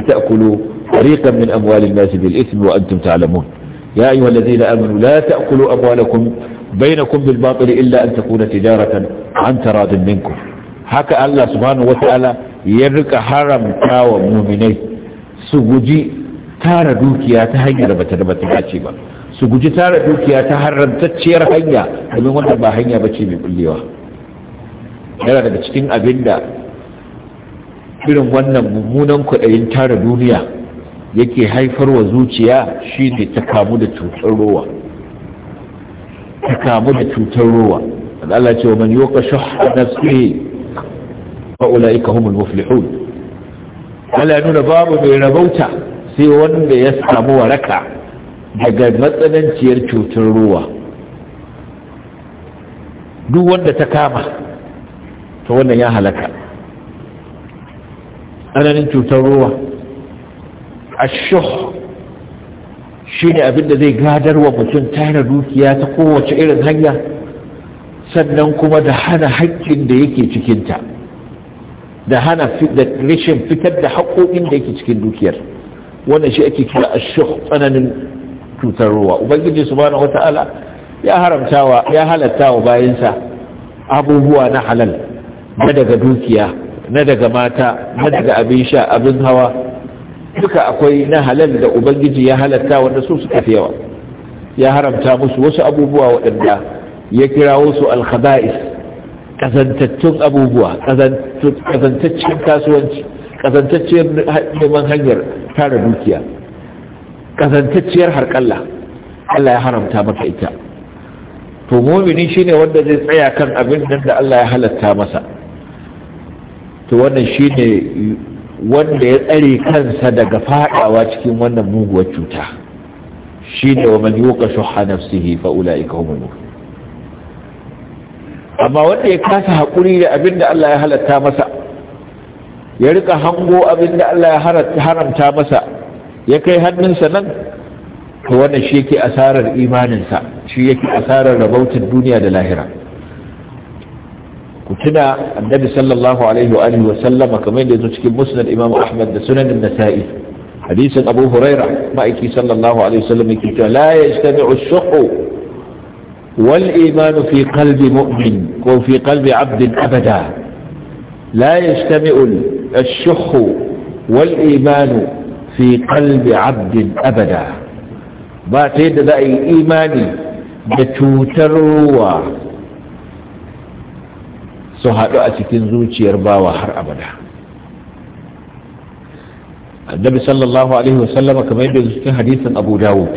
Speaker 1: ta'kulu fariqan min amwalin nas bil ithmi wa antum ta'lamun يا أيها الذين آمنوا لا تأكلوا أموالكم بينكم بالباطل إلا أن تكون تجارة عن تراض منكم haka Allah subhanahu wata'ala ya rika haramta wa muminai su guji tara dukiya ta hanyar bata da bata dace ba su guji tara dukiya ta haramtacciyar hanya domin wannan ba hanya bace mai bullewa yana daga cikin abinda irin wannan mummunan kwaɗayin tara duniya yake haifarwa zuciya shine ta kamu da cutar ruwa. ta kamu da cutar ruwa. rowa Allah ce wa man yuqa shuhha nafsihi fa ulaika humul muflihun Allah nuna babu mai rabauta sai wanda ya samu waraka
Speaker 2: daga matsananciyar cutar
Speaker 1: ruwa. duk wanda ta kama Ta wannan ya halaka tsananin cutar ruwa. ashuh shi ne abin da zai wa mutum tara dukiya ta kowace irin hanya sannan kuma da hana haƙƙin da yake cikinta da hana rashin fitar da haƙoƙin da yake cikin dukiyar wannan shi ake kira ashuh tsananin cutar ruwa ubangiji subhanahu wata'ala ya haramtawa ya halatta wa bayansa abubuwa na halal na daga dukiya na daga mata na daga abin sha abin hawa duka akwai na halal da ubangiji ya halatta wanda su suka fi yawa ya haramta musu wasu abubuwa waɗanda ya kirawo su alkhaba'is kazantattun abubuwa kazantaccen kasuwanci kazantacciyar neman hanyar tara dukiya kazantacciyar harkalla. Allah ya haramta maka ita to mumini shine wanda zai tsaya kan abin nan da Allah ya halatta masa to wannan shine wanda ya tsare kansa daga fadawa cikin wannan muguwar cuta shine wa man yuqa shuhha nafsihi fa ulaika humul amma wanda ya kasa hakuri da abinda Allah ya halatta masa ya rika hango abinda Allah ya haramta masa ya kai hannunsa nan to wannan shi yake asarar imaninsa shi yake asarar rabautar duniya da lahira ku tuna annabi sallallahu alaihi wa alihi wa sallam kamar yadda yake cikin musnad imam ahmad da sunan an-nasa'i hadisin abu huraira ma'aiki sallallahu alaihi wa sallam yake cewa la yajtami'u ash-shuqu wal iman fi qalbi mu'min ko fi qalbi 'abd abada la yajtami'u ash-shuqu wal iman fi qalbi 'abd abada ba ta yadda za a yi imani da tutarwa sun haɗu a cikin zuciyar bawa har abada annabi sallallahu alaihi wasallama kamar yadda cikin hadisin abu dawud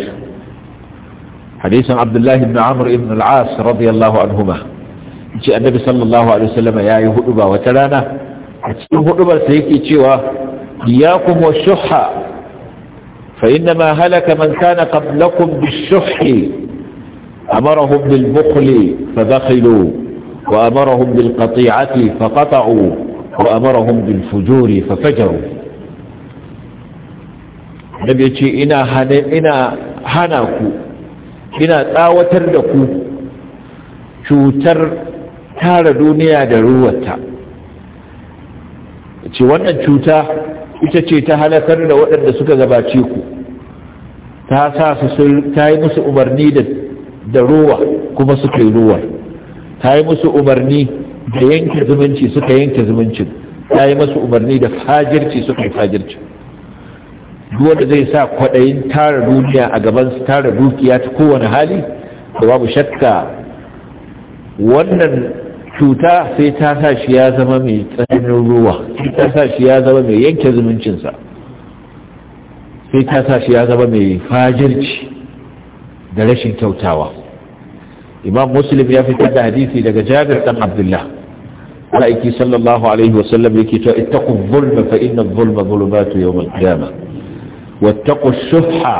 Speaker 1: hadisin abdullahi ibn amr ibn al-as radiyallahu anhuma ce annabi sallallahu alaihi wasallama yayi hudu ba wata rana a cikin hudubar sai yake cewa iyyakum wa shuhha fa inna ma halaka man kana qablakum bish-shuhhi amarahum bil-bukhli fa bakhilu وأمرهم بالقطيعة فقطعوا وأمرهم بالفجور ففجروا النبي يقول إنا, هن... إنا هناكو إنا تاوتر لكو cutar tara duniya da ruwata wannan cuta ita ce ta halakar da waɗanda suka gabace ku ta sa su ta yi musu umarni da ruwa kuma suka yi ta yi musu umarni da yanke zumunci suka yanke zumuncin ta yi musu umarni da fajirci suka yi fajirci Duk wanda zai sa kwaɗayin tara duniya a gaban su tara dukiya ta kowane hali da babu shakka wannan cuta sai ta sa shi ya zama mai tsananin ruwa ta sa shi ya zama mai yanke zumuncinsa sai ta sa shi ya zama mai fajirci da rashin kyautawa imam muslim ya fitar da hadisi daga jabir dan abdullah alaiki sallallahu alaihi wasallam yake cewa ittaqu dhulma fa inna dhulma dhulumatu yawm al-qiyamah wattaqu ash-shuhha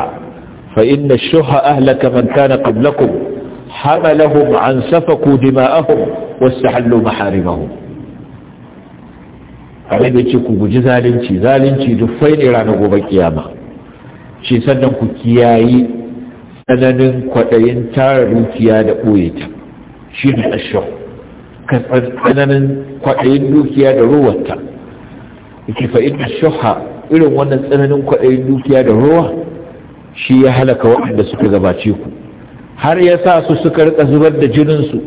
Speaker 1: fa inna ash-shuhha ahlaka man kana qablakum hamalahum an safaku dima'ahum wastahallu maharimahum abin da ce ku guji zalunci zalunci duk ne ranar gobe kiyama shi sannan ku kiyayi tsananin kwaɗayin tara dukiya da ɓoye ta shi ne ashok ka tsananin kwaɗayin dukiya da ruwanta yake fa'in ashoha irin wannan tsananin kwaɗayin dukiya da ruwa shi ya halaka waɗanda suka gabace ku har ya sa su suka rika zubar da jininsu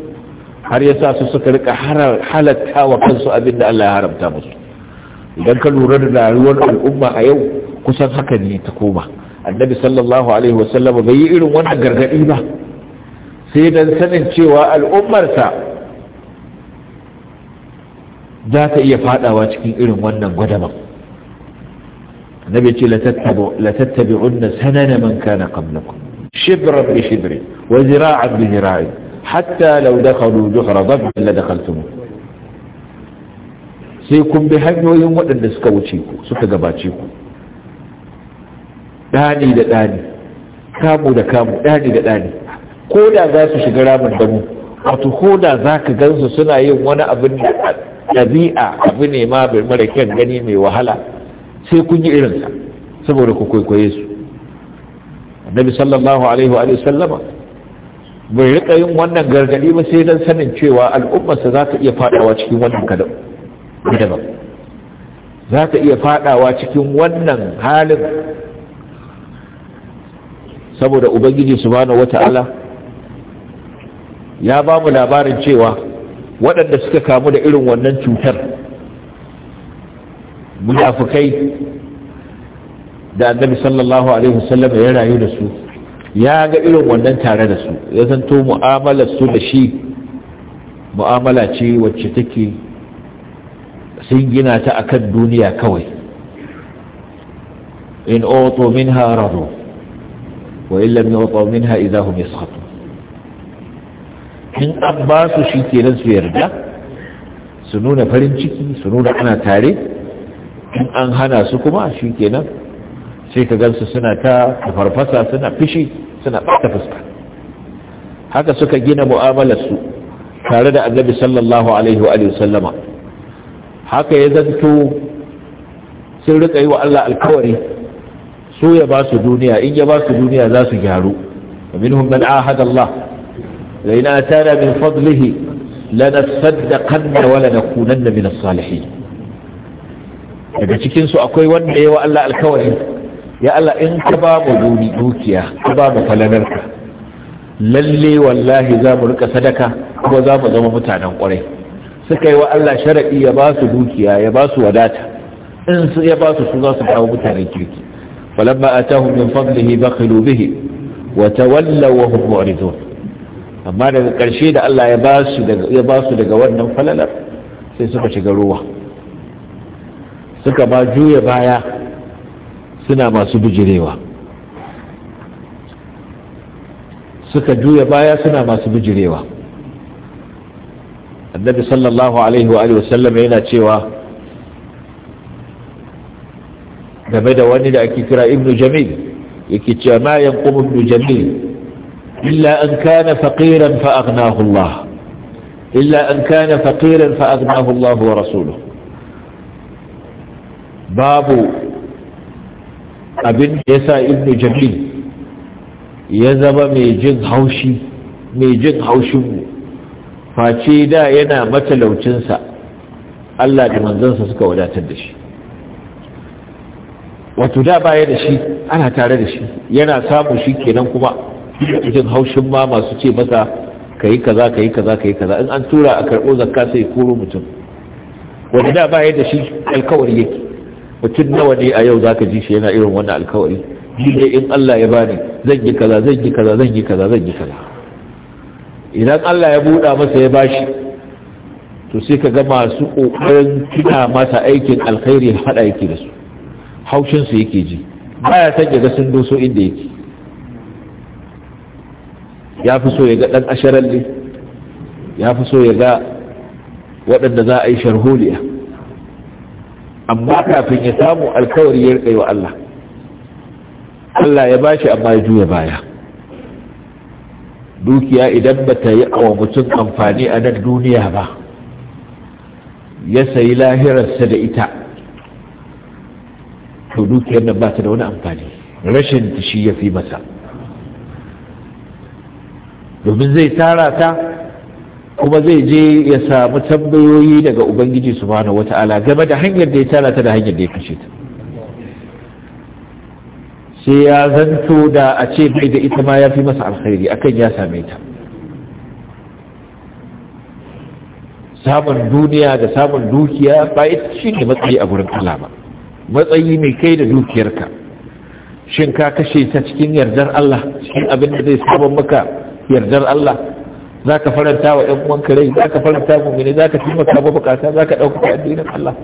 Speaker 1: har ya sa su suka rika halatta wa kansu abin da Allah ya haramta musu idan ka lura da rayuwar al'umma a yau kusan haka ne ta koma annabi sallallahu alaihi wasallam bai yi irin wani gargadi ba sai dan sanin cewa al'ummarsa za ta iya fadawa cikin irin wannan gwadaban annabi ce la tattabi'unna sanana man kana qablakum shibran bi shibri wa zira'an bi zira'i hatta law dakhalu juhra dhabb la dakhaltum sai kun bi hanyoyin waɗanda suka wuce ku suka gabace ku ɗani da ɗani kamu da kamu ɗani da ɗani ko da za su shiga ramin damu wato ko da za ka gansu suna yin wani abin ɗabi'a abu ne ma mara kyan gani mai wahala sai kun yi irinsa saboda ku kwaikwaye su annabi sallallahu alaihi wa sallama bai rika yin wannan gargadi ba sai dan sanin cewa al'ummarsa za ta iya fadawa cikin wannan kadam za ta iya fadawa cikin wannan halin saboda ubangiji subhanahu wata'ala ya ba mu labarin cewa waɗanda suka kamu da irin wannan cutar munafukai da annabi sallallahu alaihi wasallam ya rayu da su ya ga irin wannan tare da su ya zanto mu'amalar su da shi mu'amala ce wacce take sun gina ta akan duniya kawai in oto min hararo wa illam yu'ta minha idza hum yaskhatu in an ba su su yarda su nuna farin ciki su nuna ana tare in an hana su kuma shi kenan sai ka gansu suna ta farfasa suna fishi suna bata fuska haka suka gina mu'amalarsu tare da annabi sallallahu alaihi wa sallama haka ya zanto sun rika yi wa Allah alkawari so ya ba su duniya in ya ba su duniya za su gyaru minhum man ahada Allah la in atana min fadlihi lanasaddaqanna wa lanakunanna min as-salihin daga cikin su akwai wanda yawa Allah alkawari ya Allah in ka ba mu dukiya ka ba mu falalarka lalle wallahi za mu rika sadaka kuma za mu zama mutanen kwarai suka yi wa Allah sharaɗi ya ba su dukiya ya ba su wadata in su ya ba su su za su kawo mutanen kirki falamma atahum min fadlihi bakhilu bihi wa tawallaw wa hum mu'ridun amma daga karshe da Allah ya ba su daga ya ba su daga wannan falalar sai suka shiga ruwa suka ba juya baya suna masu bijirewa suka juya baya suna masu bijirewa annabi sallallahu alaihi wa sallam yana cewa game da wani da ake kira ibn jamil yake cewa ma yanqumu ibn jamil illa an kana faqiran fa aghnahu Allah illa an kana faqiran fa aghnahu Allah wa rasuluhu babu abin da yasa ibn jamil ya zama mai jin haushi mai jin haushin mu face da yana matalaucinsa Allah da manzansa suka wadatar da shi wato da baya da shi ana tare da shi yana samun shi kenan kuma jin haushin ma masu ce masa ka yi kaza ka yi kaza ka yi kaza in an tura a karɓo zakka sai koro mutum wanda da baya da shi alkawari yake mutum nawa ne a yau zaka ji shi yana irin wannan alkawari ne in Allah ya bani zan yi kaza zan yi kaza zan yi kaza zan yi kaza idan Allah ya buɗa masa ya bashi to sai ka ga masu ƙoƙarin tuna masa aikin alkhairi haɗa yake da su haushinsu yake ji baya san ga sun doso inda yake ya fi so ya ga ɗan asharalle ya fi so ya ga waɗanda za a yi sharholiya amma kafin ya samu alkawari ya rikai wa Allah Allah ya bashi amma ya juya baya dukiya idan ba ta yi awa mutum amfani a nan duniya ba ya sayi lahirarsa da ita to dukiyar nan ba ta da wani amfani rashin ta shi ya fi masa domin zai tara ta kuma zai je ya samu tambayoyi daga ubangiji wata wata'ala game da hanyar da ya tara ta da hanyar da ya kashe ta sai ya zanto da a ce bai da ita ma ya fi masa alkhairi akan ya same ta samun duniya da samun dukiya ba ita shi ne matsayi a gurin Allah ba matsayi mai kai da dukiyarka shin ka kashe ta cikin yardar Allah cikin abin da zai saban maka yardar Allah za ka faranta wa ‘yan uwan rai za ka faranta mummini za ka taimaka ba bukata za ka ɗaukaka addinin Allah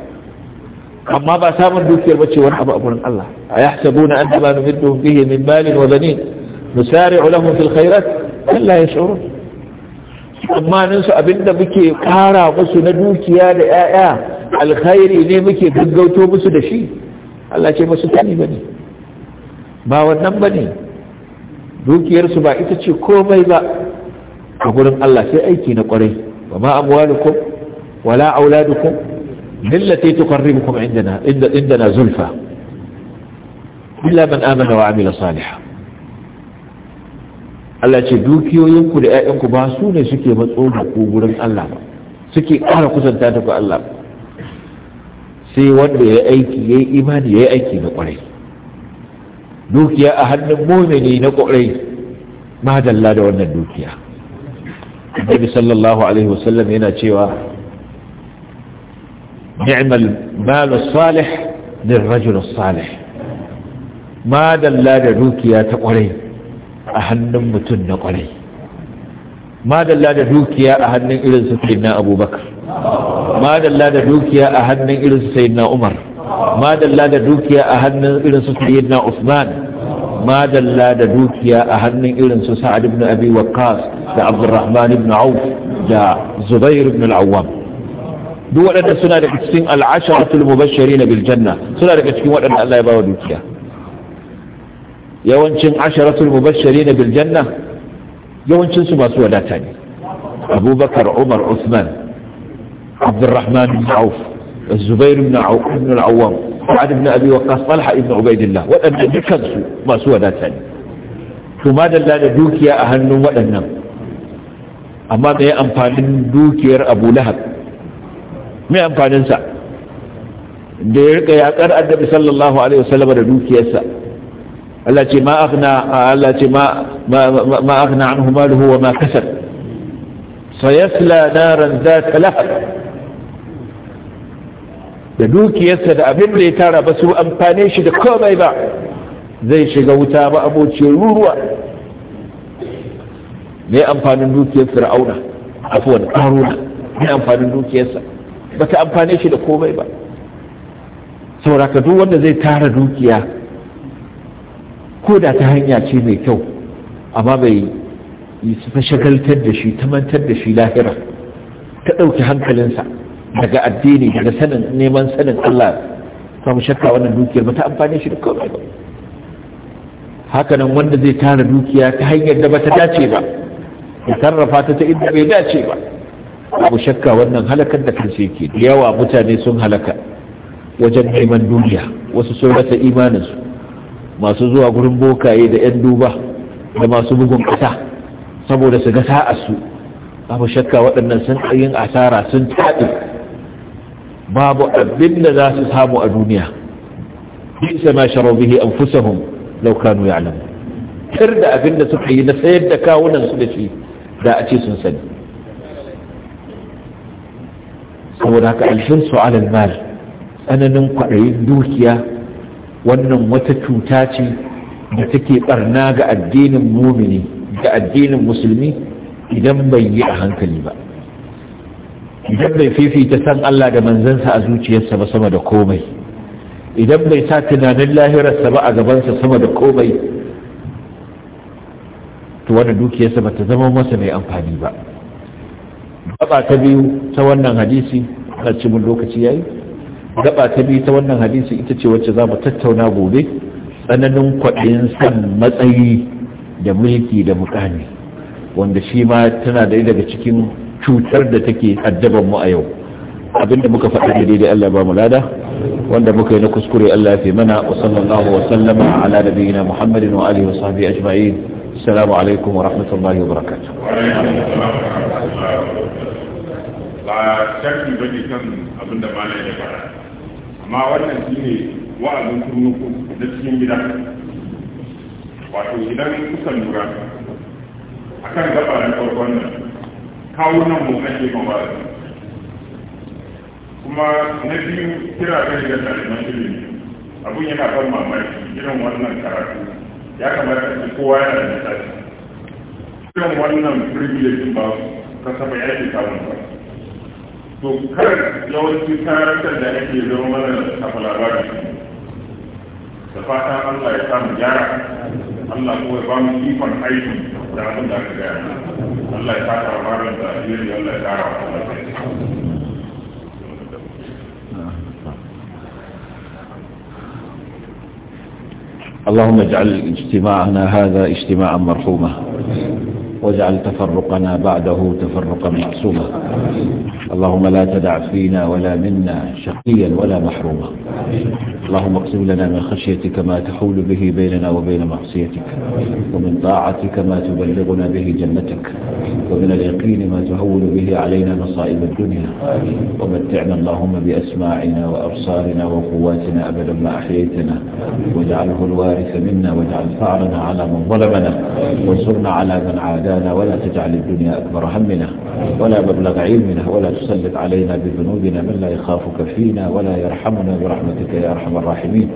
Speaker 1: amma ba samun dukiyar bace wani abu a gurin Allah a ya sabu na an taba nufin bihi min malin wa zanin musari ulahun fil khairat Allah ya tsoro tsammanin su abinda muke kara musu na dukiya da ‘ya'ya alkhairi ne muke gaggauto musu da shi Allah ce masu tani ba ne ba wannan ba ne dukiyarsu ba ita ce komai ba a gurin Allah sai aiki na kwarai ba ma amwalukum wala auladukum lillati tuqarribukum indana indana zulfa illa man amana wa amila salihan Allah ce dukiyoyinku da ƴaƴanku ba su ne suke matso da ku gurin Allah ba suke ƙara kusanta da ku Allah ba sai wanda ya aiki ya yi imani ya yi aiki na kwarai dukiya a hannun mumini na kwarai madalla da wannan dukiya annabi sallallahu alaihi wasallam yana cewa ni'mal mal salih lil rajul salih madalla da dukiya ta kwarai a hannun mutum na kwarai madalla da dukiya a hannun irin su na abubakar madalla da dukiya a hannun irin su sayyidina umar madalla da dukiya a hannun irin su sayyidina usman madalla da dukiya a hannun irin su sa'ad ibn abi waqqas da abdurrahman ibn auf da zubair ibn al-awwam duk waɗanda suna daga cikin al'asharatul mubashirin bil janna suna daga cikin waɗanda Allah ya bawa dukiya yawancin asharatul mubashirin bil janna yawancin su masu wadata ne abubakar umar usman عبد الرحمن بن عوف الزبير بن عوف بن العوام سعد بن أبي وقاص طلحة بن عبيد الله وأن دكانسوا ما سوى ذات ثاني ثم هذا لا دوكيا أهنم وأنم أما ما أمفانين دوكير أبو لهب ما أمفانين سعد da ya rika yakar annabi sallallahu alaihi wasallam da dukiyarsa Allah ce ma aghna Allah ce ma ma aghna anhu maluhu wa ma kasab sayasla naran zat lahab da dukiyarsa da abin da ya tara ba su amfane shi da komai ba zai shiga wuta ba abociyar ruruwa mai amfanin dukiyar fir'auna afuwan karuna mai amfanin dukiyarsa ba ta amfane shi da komai ba sauraka duk wanda zai tara dukiya ko da ta hanya ce mai kyau amma bai yi su shagaltar da shi ta mantar da shi lahira ta ɗauki hankalinsa daga addini daga sanin neman sanin Allah samu shakka wannan dukiyar ba ta amfani shi da komai ba hakanan wanda zai tara dukiya ta hanyar da ba ta dace ba ya sarrafa ta ta inda bai dace ba abu shakka wannan halakar da kansa yake da yawa mutane sun halaka wajen neman duniya wasu sun rasa imaninsu masu zuwa gurin bokaye da 'yan duba da masu bugun ƙasa saboda su ga su abu shakka waɗannan sun yin asara sun taɗi babu abin da za su samu a duniya bisa ma sharau bihi anfusahum law ya alamu. kar da abin da suka yi na sayar da kawunan su da shi da a ce sun sani saboda haka alhinsu alal mal tsananin kwaɗayin dukiya wannan wata cuta ce da take ɓarna ga addinin mumini ga addinin musulmi idan bai yi a hankali ba idan bai fifita san Allah da manzansa a zuciyarsa ba sama da komai idan bai sa tunanin lahirarsa ba a gabansa sama da komai to wanda dukiyarsa ba ta zama masa mai amfani ba gaba ta biyu ta wannan hadisi a cikin lokaci yayi gaba ta biyu ta wannan hadisi ita ce wacce za mu tattauna gobe tsananin kwaɗayin san matsayi da mulki da mukami wanda shi ma tana da daga cikin cutar da take addaban mu a yau abinda muka faɗi daidai Allah ba mu lada wanda muka yi na kuskure Allah ya fi mana wa sallallahu wa sallama ala nabiyina Muhammadin wa alihi wa sahbihi ajma'in assalamu alaikum wa rahmatullahi wa barakatuh ba shakki bane kan abinda malai ya fara amma wannan shine wa'azin kurnuku da cikin gida wato idan kuka lura akan gaba na farkon nan nan mu ake mawari kuma na biyu kira ga daga ɗaliban ilimi abun yana ban mamaki irin wannan karatu ya kamata ce kowa yana da misali irin wannan privilege ba ka saba ya ke samun ba to kar yawanci karantar da ake zama mana da kafa labari da fatan Allah ya samu gyara Allah kuma ba mu ikon aikin اللهم اجعل اجتماعنا هذا اجتماعا مرحوما واجعل تفرقنا بعده تفرقا معصوما اللهم لا تدع فينا ولا منا شقيا ولا محروما اللهم اقسم لنا من خشيتك ما تحول به بيننا وبين معصيتك ومن طاعتك ما تبلغنا به جنتك ومن اليقين ما تهول به علينا مصائب الدنيا ومتعنا اللهم بأسماعنا وأبصارنا وقواتنا أبدا ما أحييتنا واجعله الوارث منا واجعل ثأرنا على من ظلمنا وانصرنا على من عادانا ولا تجعل الدنيا أكبر همنا ولا مبلغ علمنا ولا تسلط علينا بذنوبنا من لا يخافك فينا ولا يرحمنا برحمتك يا أرحم الراحمين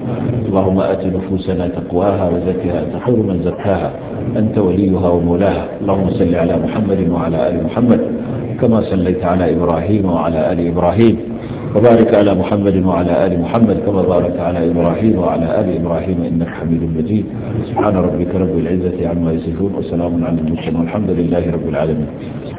Speaker 1: اللهم آت نفوسنا تقواها وزكها أنت خير من زكاها أنت وليها ومولاها اللهم صل على محمد وعلى آل محمد كما صليت على إبراهيم وعلى آل إبراهيم وبارك على محمد وعلى آل محمد كما باركت على إبراهيم وعلى آل إبراهيم إنك حميد مجيد سبحان ربك رب العزة عما يصفون وسلام على المرسلين والحمد لله رب العالمين